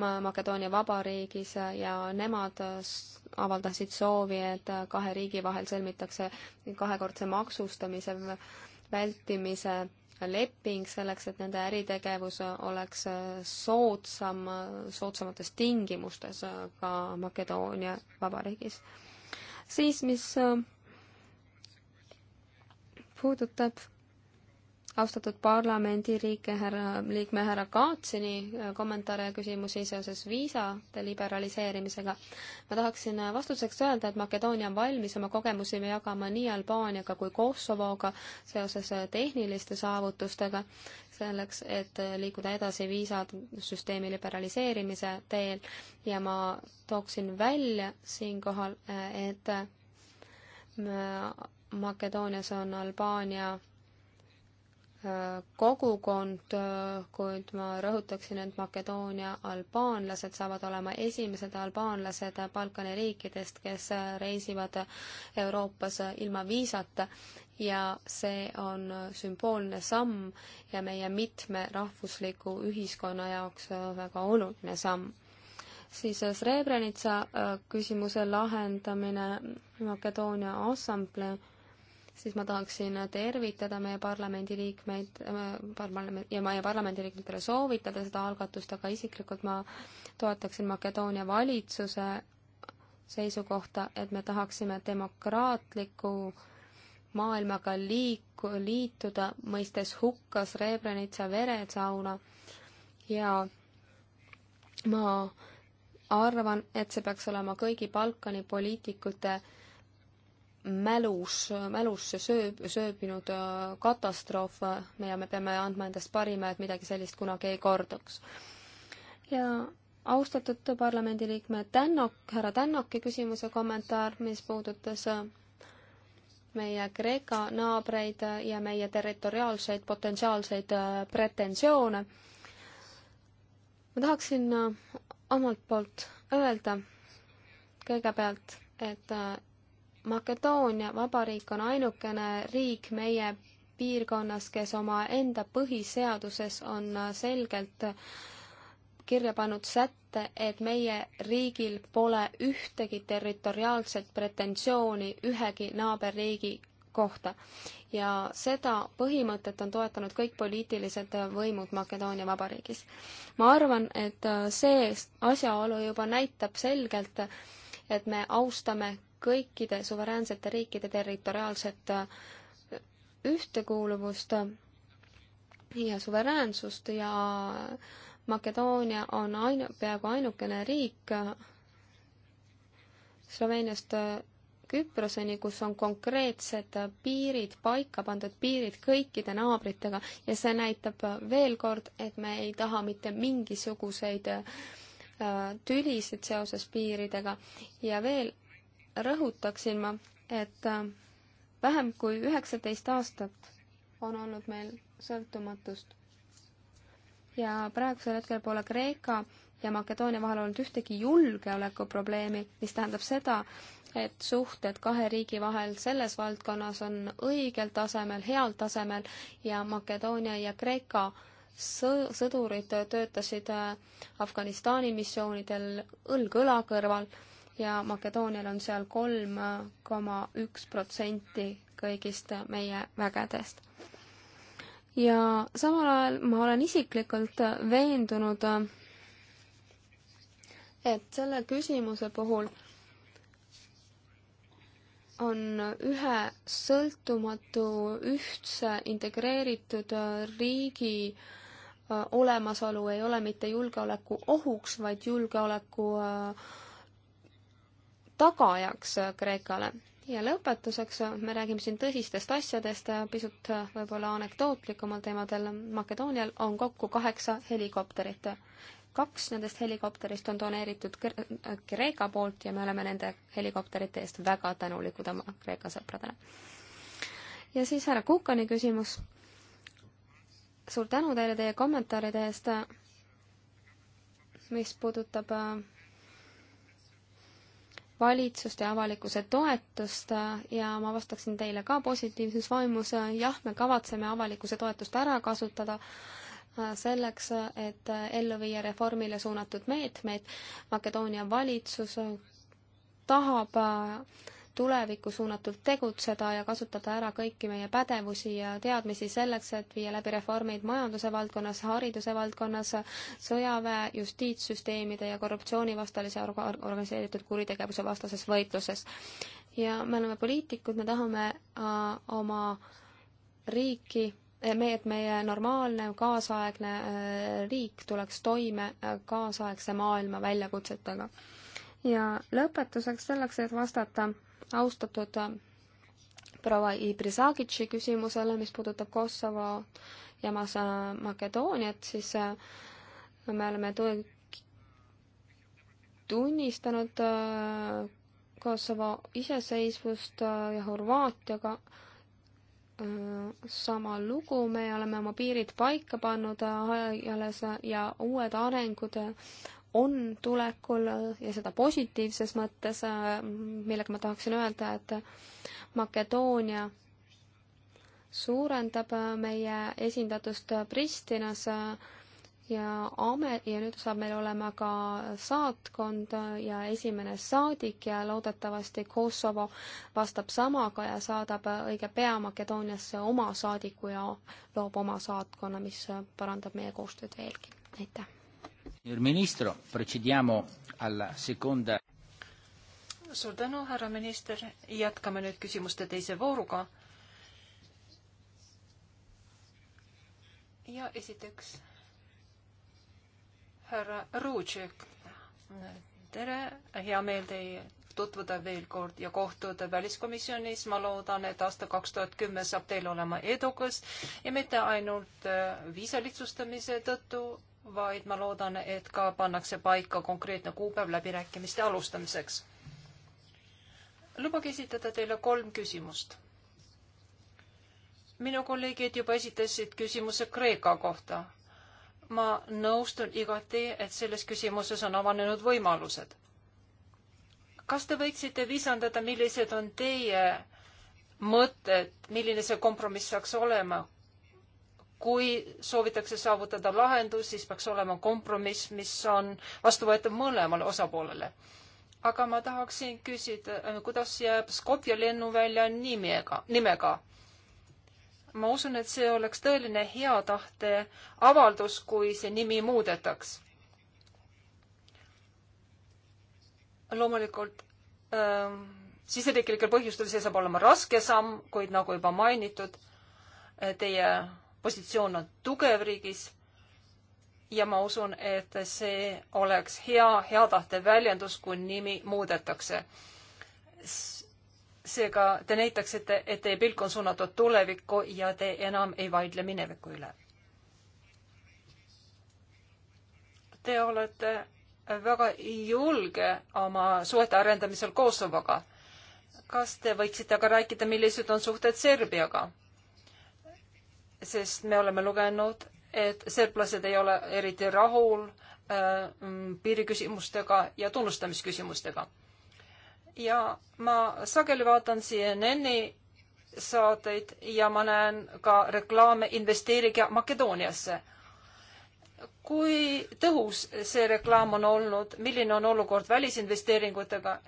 Makedoonia Vabariigis ja nemad avaldasid soovi, et kahe riigi vahel sõlmitakse kahekordse maksustamise vältimise leping selleks, et nende äritegevus oleks soodsam, soodsamates tingimustes ka Makedoonia vabariigis. siis, mis puudutab austatud parlamendiliige härra, liikme härra Kaatseni äh, kommentaare ja küsimusi seoses viisade liberaliseerimisega. ma tahaksin äh, vastuseks öelda, et Makedoonia on valmis oma kogemusi jagama nii Albaaniaga kui Kosovoga seoses äh, tehniliste saavutustega, selleks, et liikuda edasi viisasüsteemi liberaliseerimise teel ja ma tooksin välja siinkohal, et Makedoonias on Albaania kogukond, kuid ma rõhutaksin, et Makedoonia albaanlased saavad olema esimesed albaanlased Balkani riikidest, kes reisivad Euroopas ilma viisata ja see on sümboolne samm ja meie mitmerahvusliku ühiskonna jaoks väga oluline samm siis Srebrenica äh, küsimuse lahendamine Makedoonia assamblee siis ma tahaksin tervitada meie parlamendiliikmeid äh, ja meie parlamendiliikmetele soovitada seda algatust, aga isiklikult ma toetaksin Makedoonia valitsuse seisukohta, et me tahaksime demokraatliku maailmaga liik-, liituda, mõistes hukka Srebrenica veresauna ja ma arvan, et see peaks olema kõigi Balkani poliitikute mälus, mälusse sööb, sööbinud äh, katastroof ja me peame andma endast parima, et midagi sellist kunagi ei korduks. ja austatud parlamendiliikme Tännok, härra Tännoki küsimuse kommentaar, mis puudutas äh, meie Kreeka naabreid ja meie territoriaalseid potentsiaalseid äh, pretensioone. ma tahaksin omalt poolt öelda kõigepealt, et Makedoonia Vabariik on ainukene riik meie piirkonnas, kes omaenda põhiseaduses on selgelt kirja pannud sätte, et meie riigil pole ühtegi territoriaalset pretensiooni ühegi naaberriigi kohta. ja seda põhimõtet on toetanud kõik poliitilised võimud Makedoonia Vabariigis. ma arvan, et see asjaolu juba näitab selgelt, et me austame kõikide suveräänsete riikide territoriaalset äh, ühtekuuluvust ja suveräänsust ja Makedoonia on ainu-, peaaegu ainukene riik äh, Sloveeniast äh, Küproseni, kus on konkreetsed piirid paika pandud, piirid kõikide naabritega ja see näitab veel kord, et me ei taha mitte mingisuguseid tülisid seoses piiridega ja veel rõhutaksin ma, et äh, vähem kui üheksateist aastat on olnud meil sõltumatust. ja praegusel hetkel pole Kreeka ja Makedoonia vahel olnud ühtegi julgeolekuprobleemi, mis tähendab seda, et suhted kahe riigi vahel selles valdkonnas on õigel tasemel, heal tasemel ja Makedoonia ja Kreeka sõdurid töötasid äh, Afganistani missioonidel õlg õla kõrval ja Makedoonial on seal kolm koma üks protsenti kõigist meie vägedest. ja samal ajal ma olen isiklikult veendunud, et selle küsimuse puhul on ühe sõltumatu, ühtse, integreeritud riigi äh, olemasolu ei ole mitte julgeoleku ohuks, vaid julgeoleku äh, tagajaks äh, Kreekale. ja lõpetuseks äh, me räägime siin tõsistest asjadest, äh, pisut võib-olla anekdootlikumal teemadel. Makedoonial on kokku kaheksa helikopterit. kaks nendest helikopterist on doneeritud Kreeka poolt ja me oleme nende helikopterite eest väga tänulikud oma Kreeka sõpradele. ja siis härra Kukani küsimus. suur tänu teile teie kommentaaride eest, mis puudutab valitsuste ja avalikkuse toetust ja ma vastaksin teile ka positiivses vaimus, jah, me kavatseme avalikkuse toetust ära kasutada äh, selleks, et äh, ellu viia reformile suunatud meetmeid. Makedoonia valitsus äh, tahab tulevikku suunatult tegutseda ja kasutada ära kõiki meie pädevusi ja teadmisi selleks, et viia läbi reformid majanduse valdkonnas, hariduse valdkonnas, sõjaväe, justiitssüsteemide ja korruptsioonivastalise organiseeritud kuritegevuse vastases võitluses. ja me oleme poliitikud, me tahame äh, oma riiki meie, et meie normaalne kaasaegne äh, riik tuleks toime äh, kaasaegse maailma väljakutsetega. ja lõpetuseks selleks, et vastata austatud äh, proua Ibrisagitši küsimusele, mis puudutab Kosovo ja Mas-, äh, Makedooniat, siis äh, me oleme tu-, tunnistanud Kosovo iseseisvust ja Horvaatiaga sama lugu, me oleme oma piirid paika pannud alles ja uued arengud on tulekul ja seda positiivses mõttes, millega ma tahaksin öelda, et Makedoonia suurendab meie esindatust Pristinas ja amet, ja nüüd saab meil olema ka saatkond ja esimene saadik ja loodetavasti Kosovo vastab samaga ja saadab õige pea Makedooniasse oma saadiku ja loob oma saatkonna, mis parandab meie koostööd veelgi. aitäh! suur tänu, härra minister, jätkame nüüd küsimuste teise vooruga. ja esiteks härra Rutšek, tere, hea meel teie tutvuda veel kord ja kohtuda väliskomisjonis. ma loodan, et aasta kaks tuhat kümme saab teil olema edukas ja mitte ainult äh, viisa lihtsustamise tõttu, vaid ma loodan, et ka pannakse paika konkreetne kuupäev läbirääkimiste alustamiseks. lubage esitada teile kolm küsimust. minu kolleegid juba esitasid küsimuse Kreeka kohta. ma nõustun igati, et selles küsimuses on avanenud võimalused. kas te võiksite visandada, millised on teie mõtted, milline see kompromiss saaks olema, kui soovitakse saavutada lahendus, siis peaks olema kompromiss, mis on vastuvõetav mõlemale osapoolele. aga ma tahaksin küsida, äh, kuidas jääb Skopje lennuvälja nimega, nimega? ma usun, et see oleks tõeline hea tahte avaldus, kui see nimi muudetaks. loomulikult ähm, siseriiklikel põhjustel see saab olema raske samm, kuid nagu juba mainitud, äh, teie positsioon on tugev riigis ja ma usun, et see oleks hea, hea tahte väljendus, kui nimi muudetakse. seega te näitaksite, et teie pilk on suunatud tulevikku ja te enam ei vaidle mineviku üle. Te olete väga julge oma suhete arendamisel Kosovoga. kas te võiksite aga rääkida, millised on suhted Serbiaga? sest me oleme lugenud, et serblased ei ole eriti rahul äh, mm, piiriküsimustega ja tunnustamisküsimustega. ja ma sageli vaatan CNN-i saateid ja ma näen ka reklaame investeerige Makedooniasse. kui tõhus see reklaam on olnud, milline on olukord välisinvesteeringutega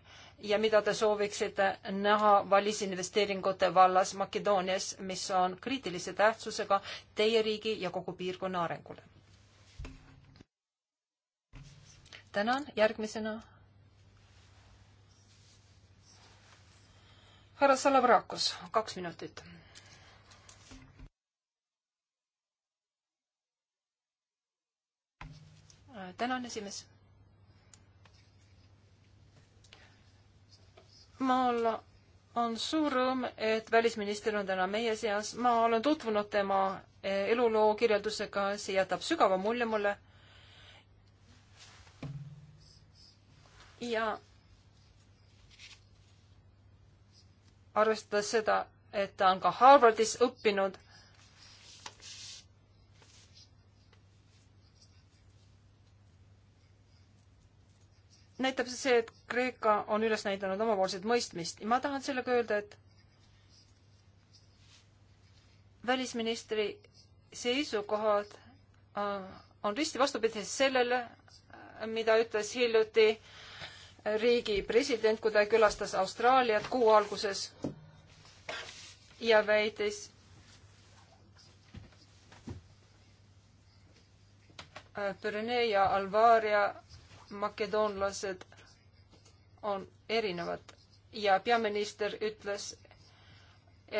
ja mida te sooviksite näha välisinvesteeringute vallas Makedoonias, mis on kriitilise tähtsusega teie riigi ja kogu piirkonna arengule? tänan, järgmisena. härra Salavrakos, kaks minutit tänan, esimees. mul on suur rõõm, et välisminister on täna meie seas. ma olen tutvunud tema e, eluloo kirjeldusega, see jätab sügava mulje mulle. ja arvestades seda, et ta on ka Harvardis õppinud, näitab see, et Kreeka on üles näidanud omapoolset mõistmist ja ma tahan sellega öelda, et välisministri seisukohad äh, on risti vastupidised sellele, mida ütles hiljuti riigi president, kui ta külastas Austraaliat kuu alguses ja väitis, Pürenee äh, ja Alvaria makedoonlased on erinevad ja peaminister ütles,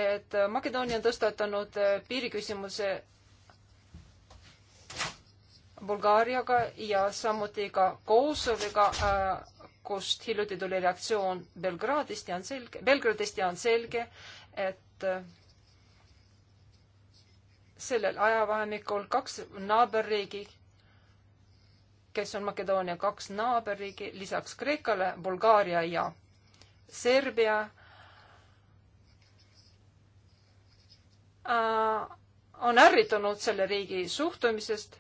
et Makedoonia on tõstatanud eh, piiriküsimuse Bulgaariaga ja samuti ka Kosoviga, eh, kust hiljuti tuli reaktsioon Belgradist ja on selge, Belgradist ja on selge, et eh, sellel ajavahemikul kaks naaberriigi kes on Makedoonia kaks naaberriigi, lisaks Kreekale, Bulgaaria ja Serbia äh, on ärritunud selle riigi suhtumisest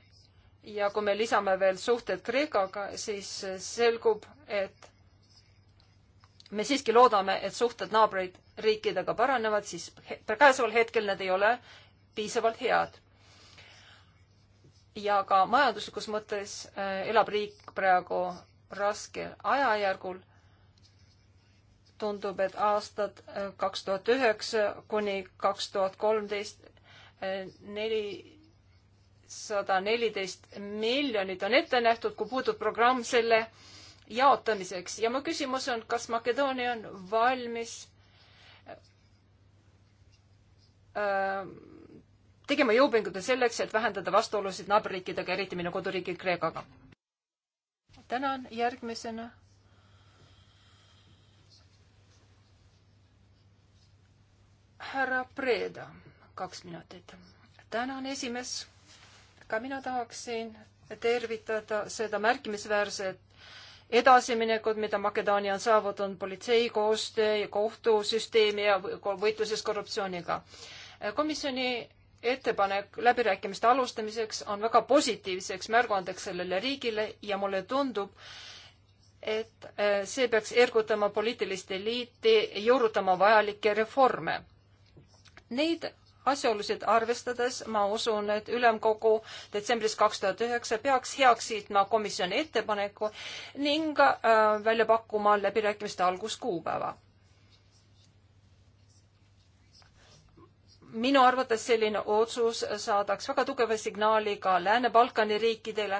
ja kui me lisame veel suhted Kreekaga, siis selgub, et me siiski loodame, et suhted naabreid riikidega paranevad, siis käesoleval hetkel need ei ole piisavalt head ja ka majanduslikus mõttes äh, elab riik praegu raskel ajajärgul. tundub, et aastad äh, kaks tuhat üheksa kuni kaks tuhat kolmteist äh, nelisada neliteist miljonit on ette nähtud, kui puudub programm selle jaotamiseks ja mu küsimus on, kas Makedoonia on valmis äh, tegema jõupingutusi selleks, et vähendada vastuolusid naaberriikidega, eriti minu koduriigi Kreekaga. tänan, järgmisena. härra Preeda, kaks minutit. tänan, esimees. ka mina tahaksin tervitada seda märkimisväärset edasiminekut, mida Makedoonia on saavutanud politsei koostöö ja kohtusüsteemi ja võitluses korruptsiooniga. komisjoni ettepanek läbirääkimiste alustamiseks on väga positiivseks märguandeks sellele riigile ja mulle tundub, et äh, see peaks ergutama poliitilist eliiti, juurutama vajalikke reforme. Neid asjaolusid arvestades ma usun, et ülemkogu detsembris kaks tuhat üheksa peaks heaks kiitma komisjoni ettepaneku ning äh, välja pakkuma läbirääkimiste alguskuupäeva. minu arvates selline otsus saadaks väga tugeva signaali ka Lääne-Balkani riikidele,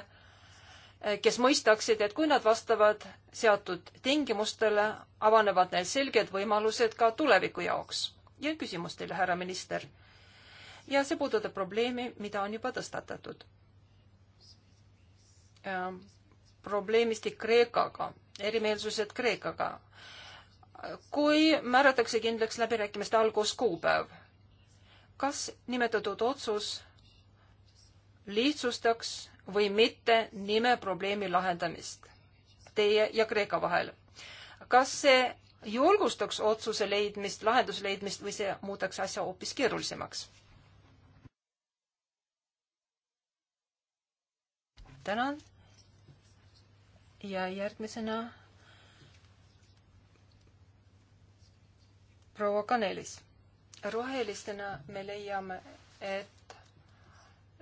eh, kes mõistaksid, et kui nad vastavad seatud tingimustele, avanevad neil selged võimalused ka tuleviku jaoks. ja küsimus teile, härra minister. ja see puudutab probleemi, mida on juba tõstatatud. Ehm, probleemistik Kreekaga, erimeelsused Kreekaga. kui määratakse kindlaks läbirääkimiste alguskuupäev kas nimetatud otsus lihtsustaks või mitte nime probleemi lahendamist teie ja Kreeka vahel. kas see julgustaks otsuse leidmist, lahenduse leidmist või see muudaks asja hoopis keerulisemaks? tänan. ja järgmisena proua Kanelis rohelistena me leiame, et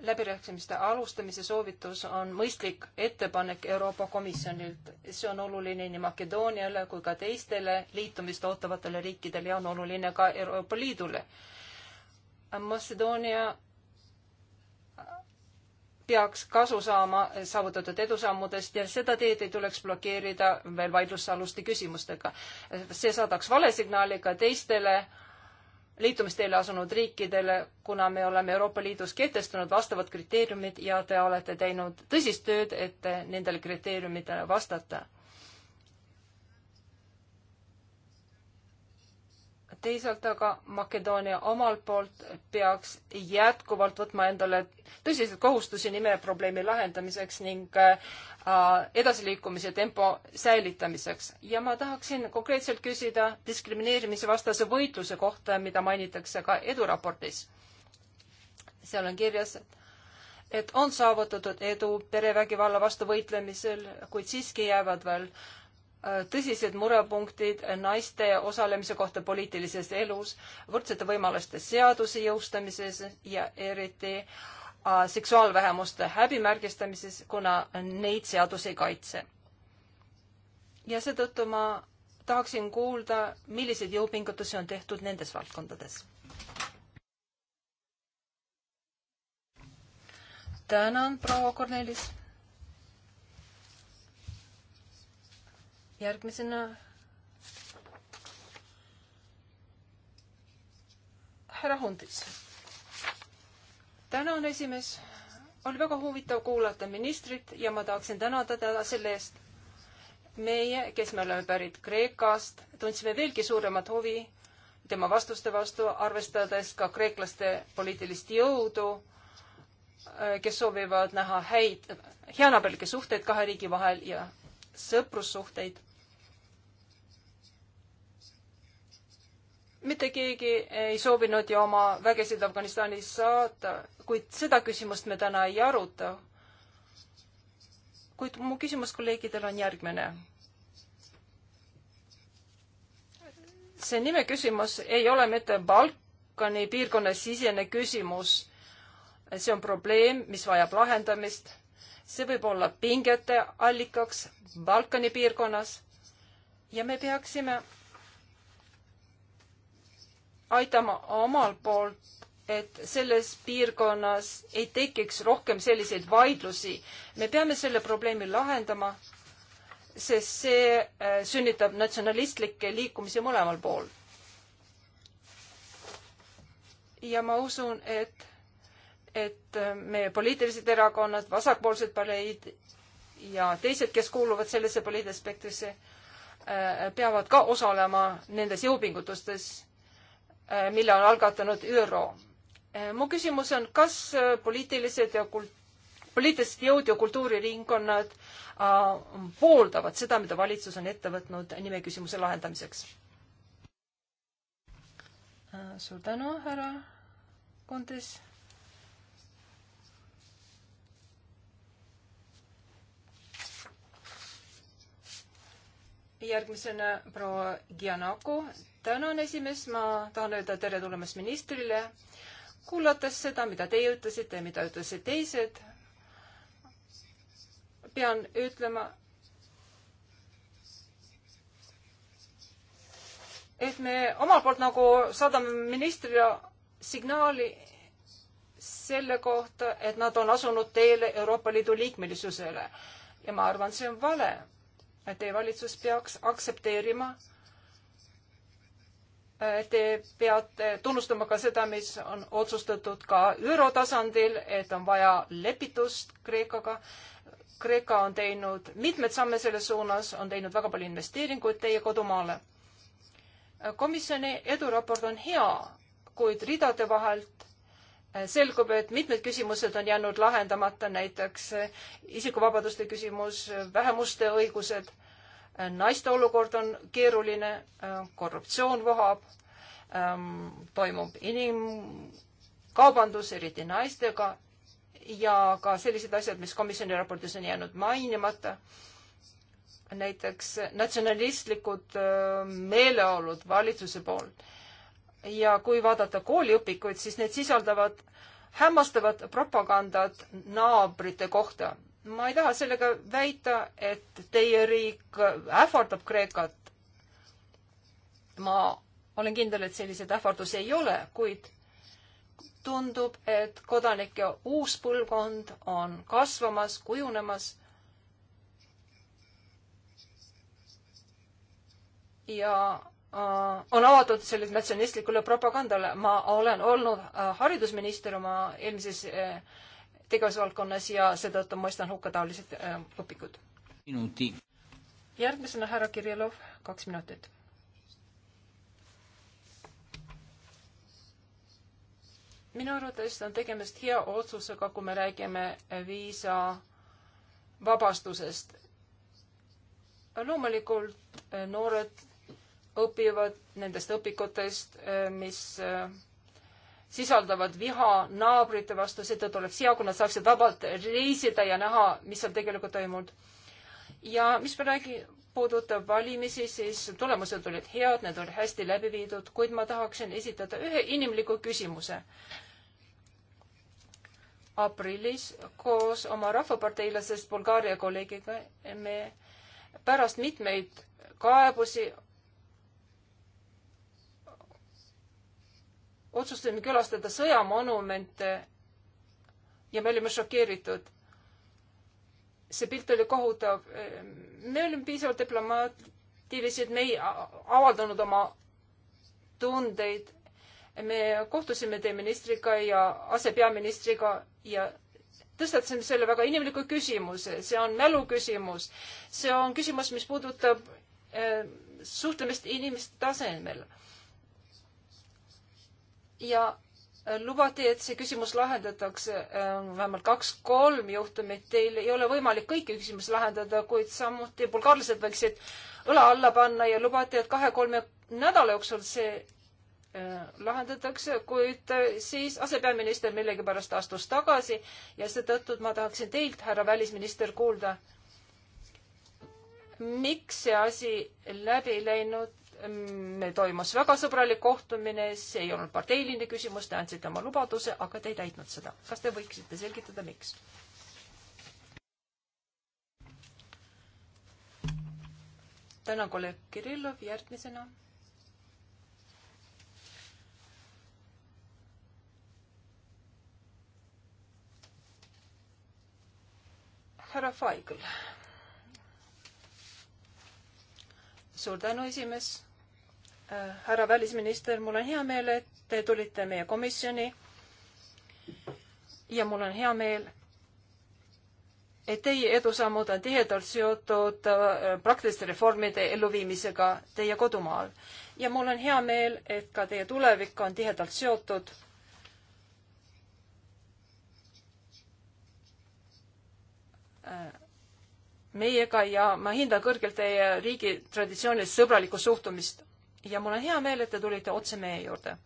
läbirääkimiste alustamise soovitus on mõistlik ettepanek Euroopa Komisjonilt. see on oluline nii Makedooniale kui ka teistele liitumist ootavatele riikidele ja on oluline ka Euroopa Liidule. Macedoonia peaks kasu saama saavutatud edusammudest ja seda teed ei tuleks blokeerida veel vaidlusaluste küsimustega. see saadaks vale signaali ka teistele äh, liitumisteele asunud riikidele, kuna me oleme Euroopa Liidus kehtestanud vastavad kriteeriumid ja te olete teinud tõsist tööd, et nendele kriteeriumidele vastata. teisalt aga Makedoonia omalt poolt peaks jätkuvalt võtma endale tõsiseid kohustusi nimeprobleemi lahendamiseks ning äh, äh, edasiliikumise tempo säilitamiseks. ja ma tahaksin konkreetselt küsida diskrimineerimise vastase võitluse kohta, mida mainitakse ka eduraportis. seal on kirjas, et on saavutatud edu perevägivalla vastu võitlemisel, kuid siiski jäävad veel äh, tõsised murepunktid naiste osalemise kohta poliitilises elus, võrdsete võimaluste seaduse jõustamises ja eriti äh, seksuaalvähemuste häbimärgistamises, kuna neid seadus ei kaitse. ja seetõttu ma tahaksin kuulda, milliseid jõupingutusi on tehtud nendes valdkondades. tänan, proua Kornelis järgmisena härra Hundis. tänan, esimees. oli väga huvitav kuulata ministrit ja ma tahaksin tänada teda selle eest. meie, kes me oleme pärit Kreekast, tundsime veelgi suuremat huvi tema vastuste vastu, arvestades ka kreeklaste poliitilist jõudu, kes soovivad näha häid, heanabelikke suhteid kahe riigi vahel ja sõprussuhteid. mitte keegi ei soovinud ju oma vägesid Afganistani saata, kuid seda küsimust me täna ei aruta. kuid mu küsimus kolleegidele on järgmine see nime küsimus ei ole mitte Balkani piirkonna sisene küsimus. see on probleem, mis vajab lahendamist see võib olla pingete allikaks Balkani piirkonnas ja me peaksime aitama omalt poolt, et selles piirkonnas ei tekiks rohkem selliseid vaidlusi. me peame selle probleemi lahendama, sest see äh, sünnitab natsionalistlikke liikumisi mõlemal pool. ja ma usun, et et meie poliitilised erakonnad, vasakpoolsed paleid ja teised, kes kuuluvad sellesse poliitspektrisse, äh, peavad ka osalema nendes jõupingutustes, äh, mille on algatanud ÜRO. Äh, mu küsimus on, kas poliitilised ja kult-, poliitilised jõud ja kultuuriringkonnad pooldavad seda, mida valitsus on ette võtnud nimeküsimuse lahendamiseks? suur tänu, härra Kondes järgmisena proua Gianaku. tänan, esimees, ma tahan öelda tere tulemast ministrile. kuulates seda, mida teie ütlesite ja mida ütlesid teised, pean ütlema, et me omalt poolt nagu saadame ministrile signaali selle kohta, et nad on asunud teele Euroopa Liidu liikmelisusele ja ma arvan, see on vale teie valitsus peaks aktsepteerima, te peate tunnustama ka seda, mis on otsustatud ka ÜRO tasandil, et on vaja lepitust Kreekaga. Kreeka on teinud mitmeid samme selles suunas, on teinud väga palju investeeringuid teie kodumaale. komisjoni eduraport on hea, kuid ridade vahelt selgub, et mitmed küsimused on jäänud lahendamata, näiteks isikuvabaduste küsimus, vähemuste õigused, naiste olukord on keeruline, korruptsioon vohab, ähm, toimub inimkaubandus, eriti naistega, ja ka sellised asjad, mis komisjoni raportis on jäänud mainimata, näiteks natsionalistlikud äh, meeleolud valitsuse poolt ja kui vaadata kooliõpikuid, siis need sisaldavad hämmastavat propagandat naabrite kohta. ma ei taha sellega väita, et teie riik ähvardab Kreekat. ma olen kindel, et selliseid ähvardusi ei ole, kuid tundub, et kodanike uus põlvkond on kasvamas, kujunemas. ja Äh, on avatud sellisele natsionalistlikule propagandale. ma olen olnud äh, haridusminister oma eelmises äh, tegevusvaldkonnas ja seetõttu mõistan hukka taolised õpikud. minuti. järgmisena härra Kirillov, kaks minutit. minu arvates on tegemist hea otsusega, kui me räägime viisa vabastusest. loomulikult noored õpivad nendest õpikutest, eh, mis eh, sisaldavad viha naabrite vastu, seetõttu oleks hea, kui nad saaksid vabalt reisida ja näha, mis seal tegelikult toimunud. ja mis me räägi-, puudutab valimisi, siis tulemused olid head, need olid hästi läbi viidud, kuid ma tahaksin esitada ühe inimliku küsimuse aprillis koos oma rahvaparteilasest Bulgaaria kolleegiga me pärast mitmeid kaebusi otsustasime külastada sõjamonumente ja me olime šokeeritud. see pilt oli kohutav. me olime piisavalt diplomaatilised, me ei avaldanud oma tundeid. me kohtusime teie ministriga ja asepeaministriga ja tõstatasime selle väga inimliku küsimuse, see on mälu küsimus. see on küsimus, mis puudutab eh, suhtlemist inimeste tasemel ja äh, lubati, et see küsimus lahendatakse äh, vähemalt kaks-kolm juhtumit. Teil ei ole võimalik kõiki küsimusi lahendada, kuid samuti bulgaarlased võiksid õla alla panna ja lubati, et kahe-kolme nädala jooksul see äh, lahendatakse, kuid siis asepeaminister millegipärast astus tagasi ja seetõttu ma tahaksin teilt, härra välisminister, kuulda, miks see asi läbi läinud meil toimus väga sõbralik kohtumine, see ei olnud parteiline küsimus, te andsite oma lubaduse, aga te ei täitnud seda. kas te võiksite selgitada, miks? tänan, kolleeg Kirillov, järgmisena. härra Faigl. suur tänu, esimees Äh, härra välisminister, mul on hea meel, et te tulite meie komisjoni. ja mul on hea meel, et teie edusammud on tihedalt seotud äh, praktiliste reformide elluviimisega teie kodumaal. ja mul on hea meel, et ka teie tulevik on tihedalt seotud äh, meiega ja ma hindan kõrgelt teie riigi traditsioonilist sõbralikku suhtumist ja mul on hea meel, et te tulite otse meie juurde.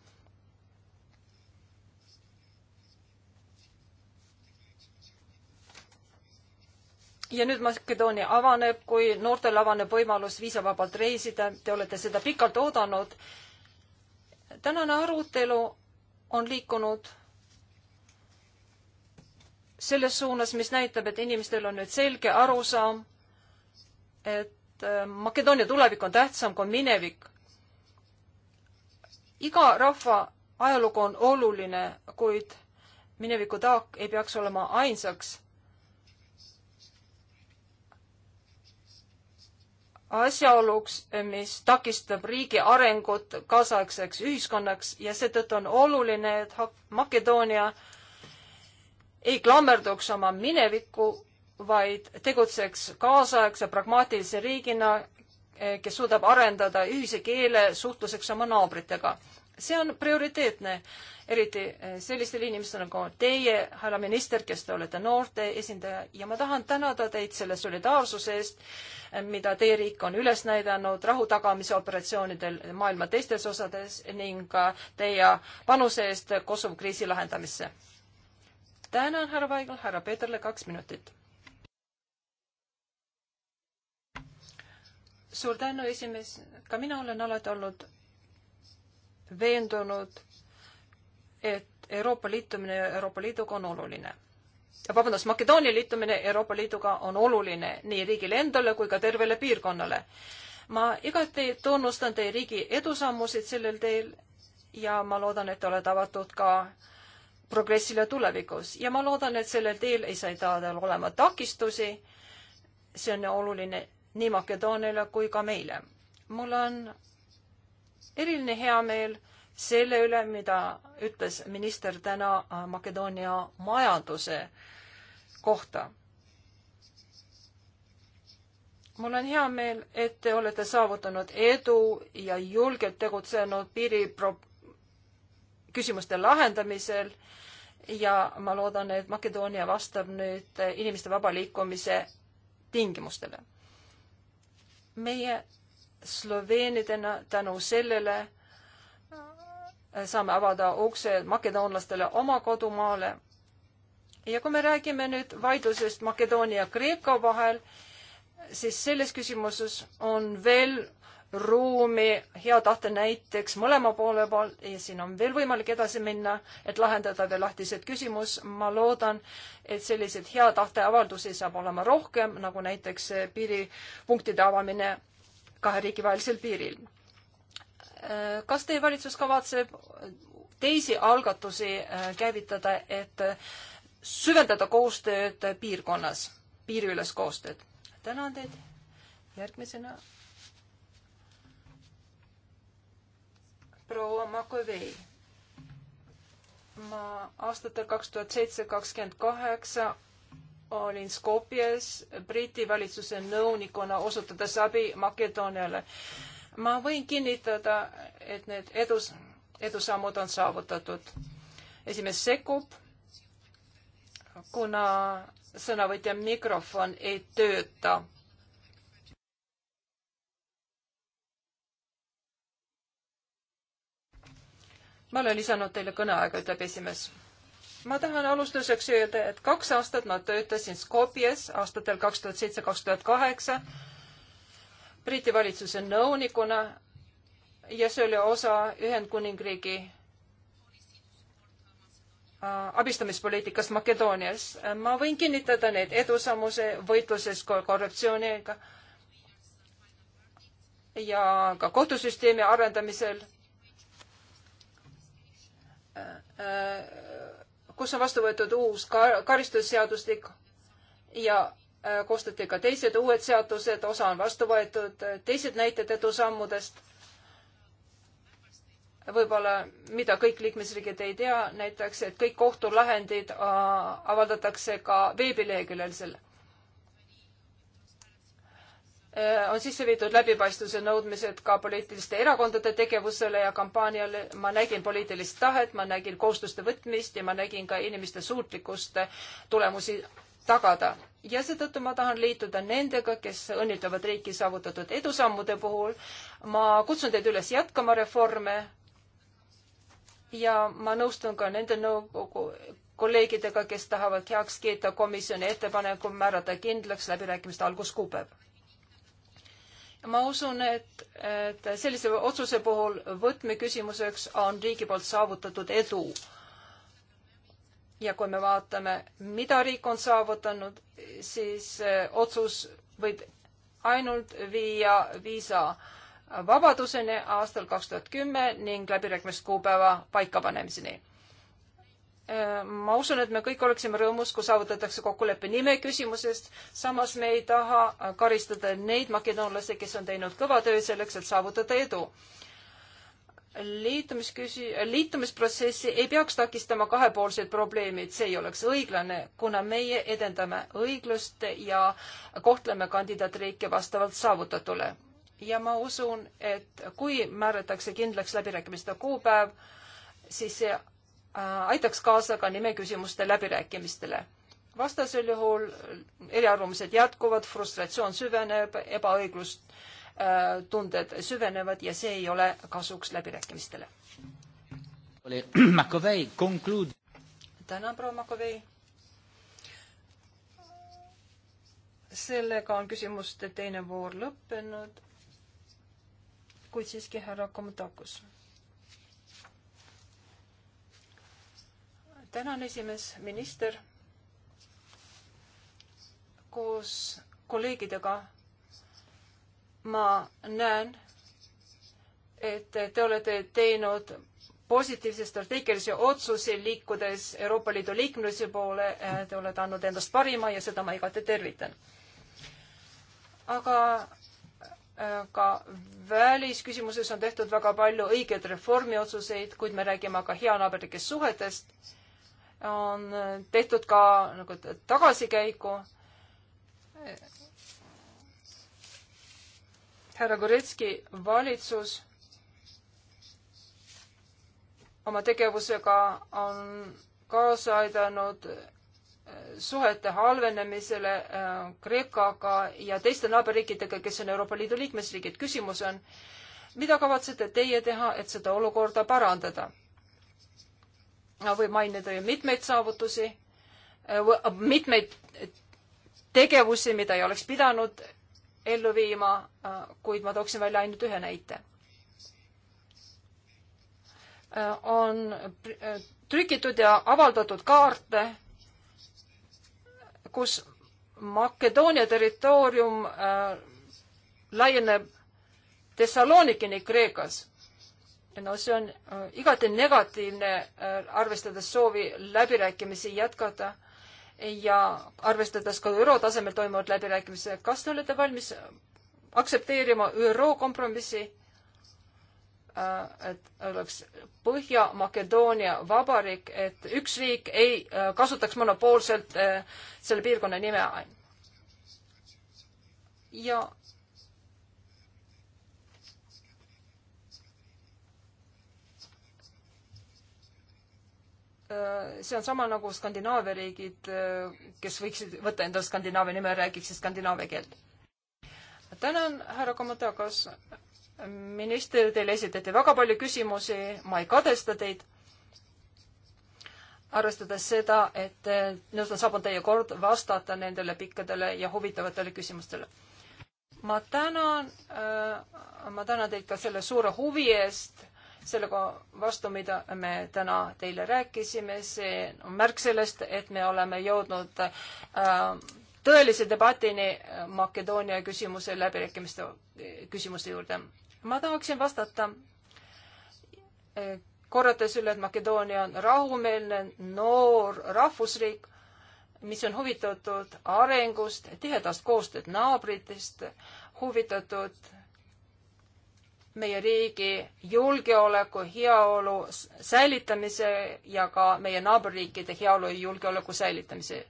ja nüüd Makedoonia avaneb, kui noortel avaneb võimalus viisavabalt reisida, te olete seda pikalt oodanud. tänane arutelu on liikunud selles suunas, mis näitab, et inimestel on nüüd selge arusaam, et äh, Makedoonia tulevik on tähtsam kui minevik iga rahva ajalugu on oluline, kuid mineviku taak ei peaks olema ainsaks asjaoluks, mis takistab riigi arengut kaasaegseks ühiskonnaks ja seetõttu on oluline, et Makedoonia ei klammerduks oma minevikku, vaid tegutseks kaasaegse pragmaatilise riigina, Eh, kes suudab arendada ühise keele suhtluseks oma naabritega. see on prioriteetne, eriti eh, sellistel inimestel nagu teie, härra minister, kes te olete noorte esindaja ja ma tahan tänada teid selle solidaarsuse eest, eh, mida teie riik on üles näidanud rahu tagamise operatsioonidel maailma teistes osades ning ka teie panuse eest Kosovo kriisi lahendamisse. tänan, härra Vaigel, härra Peeterle kaks minutit suur tänu, esimees. ka mina olen alati olnud veendunud, et Euroopa liitumine Euroopa Liiduga on oluline. vabandust, Makedoonia liitumine Euroopa Liiduga on oluline nii riigile endale kui ka tervele piirkonnale. ma igati tunnustan teie riigi edusammusid sellel teel ja ma loodan, et te olete avatud ka progressile tulevikus ja ma loodan, et sellel teel ei saa taada olema takistusi. see on oluline nii Makedooniale kui ka meile. mul on eriline heameel selle üle, mida ütles minister täna äh, Makedoonia majanduse kohta. mul on hea meel, et te olete saavutanud edu ja julgelt tegutsenud piiripro-, küsimuste lahendamisel ja ma loodan, et Makedoonia vastab nüüd äh, inimeste vaba liikumise tingimustele meie Sloveenidena tänu sellele äh, saame avada ukse makedoonlastele oma kodumaale. ja kui me räägime nüüd vaidlusest Makedoonia ja Kreeka vahel, siis selles küsimuses on veel ruumi, hea tahte näiteks mõlema poole poolt ja siin on veel võimalik edasi minna, et lahendada veel lahtised küsimus. ma loodan, et selliseid hea tahte avaldusi saab olema rohkem, nagu näiteks piiripunktide avamine kahe riigi vahelisel piiril. kas teie valitsus kavatseb teisi algatusi äh, käivitada, et äh, süvendada koostööd piirkonnas, piiriüles koostööd? tänan teid järgmisena proua Makovei. ma aastatel kaks tuhat seitse, kakskümmend kaheksa olin Skopjes Briti valitsuse nõunikuna osutades abi Makedooniale. ma võin kinnitada, et need edus, edusammud on saavutatud. esimees sekkub, kuna sõnavõtja mikrofon ei tööta ma olen lisanud teile kõneaega, ütleb esimees. ma tahan alustuseks öelda, et kaks aastat ma töötasin Skopjes aastatel kaks tuhat seitse, kaks tuhat kaheksa Briti valitsuse nõunikuna ja see oli osa Ühendkuningriigi äh, abistamispoliitikast Makedoonias. ma võin kinnitada neid edusammuse võitluses korruptsiooniga ja ka kohtusüsteemi arendamisel Äh, kus on vastu võetud uus karistusseadustik ja äh, koostati ka teised uued seadused, osa on vastu võetud, teised näited edusammudest, võib-olla mida kõik liikmesriigid ei tea, näiteks et kõik kohtulahendid äh, avaldatakse ka veebileheküljel selle Äh, on sisse viidud läbipaistvuse nõudmised ka poliitiliste erakondade tegevusele ja kampaaniale. ma nägin poliitilist tahet, ma nägin kohustuste võtmist ja ma nägin ka inimeste suutlikkust tulemusi tagada. ja seetõttu ma tahan liituda nendega, kes õnnitlevad riiki saavutatud edusammude puhul. ma kutsun teid üles jätkama reforme. ja ma nõustun ka nende nõukogu kolleegidega, kes tahavad heaks kiita komisjoni ettepaneku määrata kindlaks läbirääkimiste alguskuupäev ma usun, et, et sellise otsuse puhul võtmeküsimuseks on riigi poolt saavutatud edu. ja kui me vaatame, mida riik on saavutanud, siis e, otsus võib ainult viia viisa vabaduseni aastal kaks tuhat kümme ning läbirääkimiskuupäeva paikapanemiseni Äh, ma usun, et me kõik oleksime rõõmus, kui saavutatakse kokkulepe nime küsimusest. samas me ei taha äh, karistada neid makedoonlasi, kes on teinud kõva töö selleks, et saavutada edu. liitumisküsi-, äh, liitumisprotsessi ei peaks takistama kahepoolsed probleemid, see ei oleks õiglane, kuna meie edendame õiglust ja kohtleme kandidaatriike vastavalt saavutatule. ja ma usun, et kui määratakse kindlaks läbirääkimiste kuupäev, siis see Äh, aitaks kaasa ka nimeküsimuste läbirääkimistele. vastasel juhul eriarvamused jätkuvad, frustratsioon süveneb, ebaõiglus äh, tunded süvenevad ja see ei ole kasuks läbirääkimistele. tänan, proua Makovei. sellega on küsimuste teine voor lõppenud, kuid siiski härra Komodakus tänan, esimees, minister. koos kolleegidega ma näen, et te olete teinud positiivse strateegilise otsuse liikudes Euroopa Liidu liikmesuse poole. Te olete andnud endast parima ja seda ma igati tervitan. aga äh, ka välisküsimuses on tehtud väga palju õigeid reformiotsuseid, kuid me räägime ka heanaaberlikest suhetest on tehtud ka nagu tagasikäiku. härra Goretski valitsus oma tegevusega on kaasa aidanud eh, suhete halvenemisele eh, Kreekaga ja teiste naaberriikidega, kes on Euroopa Liidu liikmesriigid. küsimus on, mida kavatsete teie teha, et seda olukorda parandada? võib mainida ju mitmeid saavutusi, äh, mitmeid tegevusi, mida ei oleks pidanud ellu viima, äh, kuid ma tooksin välja ainult ühe näite. Äh, on trükitud ja avaldatud kaarte, kus Makedoonia territoorium laieneb Thessalonikini Kreekas no see on äh, igati negatiivne, äh, arvestades soovi läbirääkimisi jätkata ja arvestades ka ÜRO tasemel toimuvat läbirääkimisi. kas te olete valmis aktsepteerima ÜRO kompromissi, äh, et oleks Põhja-Makedoonia vabariik, et üks riik ei kasutaks monopoolselt selle piirkonna nime ja Äh, see on sama nagu Skandinaavia riigid, äh, kes võiksid võtta endale Skandinaavia nime, räägiksid skandinaavia keelt. tänan, härra Komodakas. minister, teile esitati väga palju küsimusi, ma ei kadesta teid. arvestades seda, et äh, nüüd on saabunud teie kord vastata nendele pikkadele ja huvitavatele küsimustele. ma tänan, ma tänan teid ka selle suure huvi eest sellega vastu, mida me täna teile rääkisime, see on märk sellest, et me oleme jõudnud äh, tõelise debatini Makedoonia küsimuse läbirääkimiste küsimuste juurde. ma tahaksin vastata äh, korrates üle, et Makedoonia on rahumeelne noor rahvusriik, mis on huvitatud arengust, tihedast koostööd naabritest, huvitatud meie riigi julgeoleku, heaolu säilitamise ja ka meie naaberriikide heaolu ja julgeoleku säilitamise.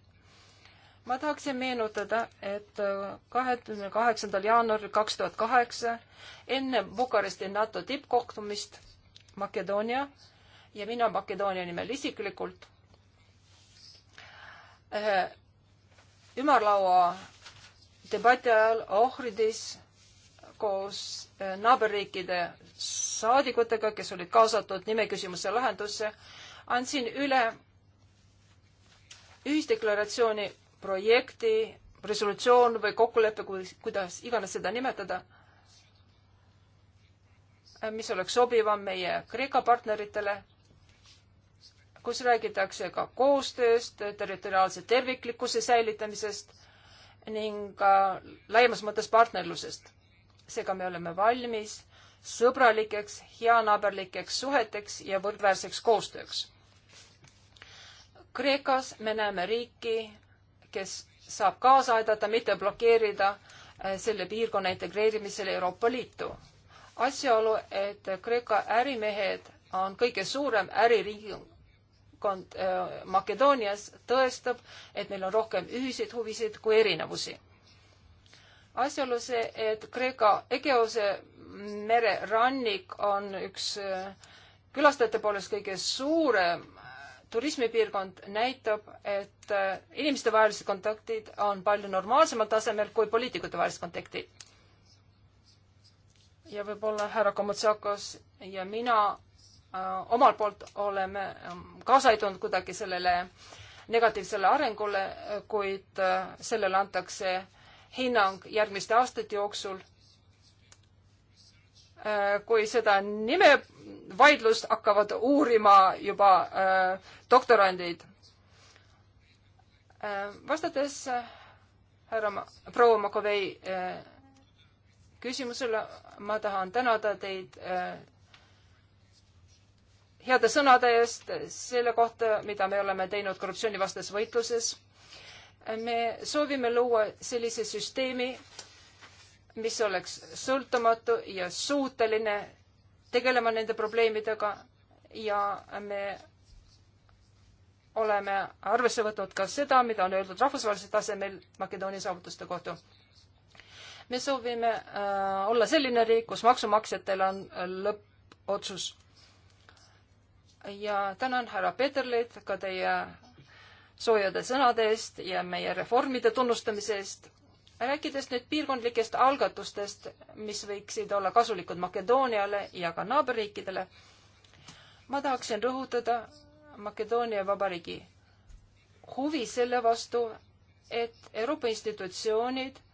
ma tahaksin meenutada, et äh, kahekümne kaheksandal jaanuaril kaks tuhat kaheksa enne Bukaresti NATO tippkohtumist Makedoonia ja mina Makedoonia nimel isiklikult äh, ümarlaua debati ajal Ohridis koos eh, naaberriikide saadikutega, kes olid kaasatud nimeküsimuse lahendusse, andsin üle ühisdeklaratsiooni projekti, resolutsioon või kokkulepe, kui, kuidas iganes seda nimetada, eh, mis oleks sobivam meie Kreeka partneritele, kus räägitakse ka koostööst, territoriaalse terviklikkuse säilitamisest ning ka laiemas mõttes partnerlusest seega me oleme valmis sõbralikeks, heanaaberlikeks suheteks ja võrdväärseks koostööks. Kreekas me näeme riiki, kes saab kaasa aidata, mitte blokeerida eh, selle piirkonna integreerimisele Euroopa Liitu. asjaolu, et Kreeka ärimehed on kõige suurem äririigikond eh, Makedoonias, tõestab, et meil on rohkem ühiseid huvisid kui erinevusi asjaolus, et Kreeka Egeose mererannik on üks äh, külastajate poolest kõige suurem äh, turismipiirkond, näitab, et äh, inimestevahelised kontaktid on palju normaalsemal tasemel kui poliitikutevahelised kontaktid. ja võib-olla härra Komotsakos ja mina omalt poolt oleme ähm, kaasa aidanud kuidagi sellele negatiivsele arengule, kuid sellele antakse hinnang järgmiste aastate jooksul. Äh, kui seda nime vaidlust hakkavad uurima juba äh, doktorandid. Äh, vastates härra, proua Makovei küsimusele ma tahan tänada teid heade sõnade eest selle kohta, mida me oleme teinud korruptsioonivastases võitluses me soovime luua sellise süsteemi, mis oleks sõltumatu ja suuteline tegelema nende probleemidega ja me oleme arvesse võtnud ka seda, mida on öeldud rahvusvahelisel tasemel Makedoonia saavutuste kohta. me soovime äh, olla selline riik, kus maksumaksjatel on äh, lõppotsus. ja tänan härra Peterlit ka teie soojade sõnade eest ja meie reformide tunnustamise eest. rääkides nüüd piirkondlikest algatustest, mis võiksid olla kasulikud Makedooniale ja ka naaberriikidele, ma tahaksin rõhutada Makedoonia Vabariigi huvi selle vastu, et Euroopa institutsioonid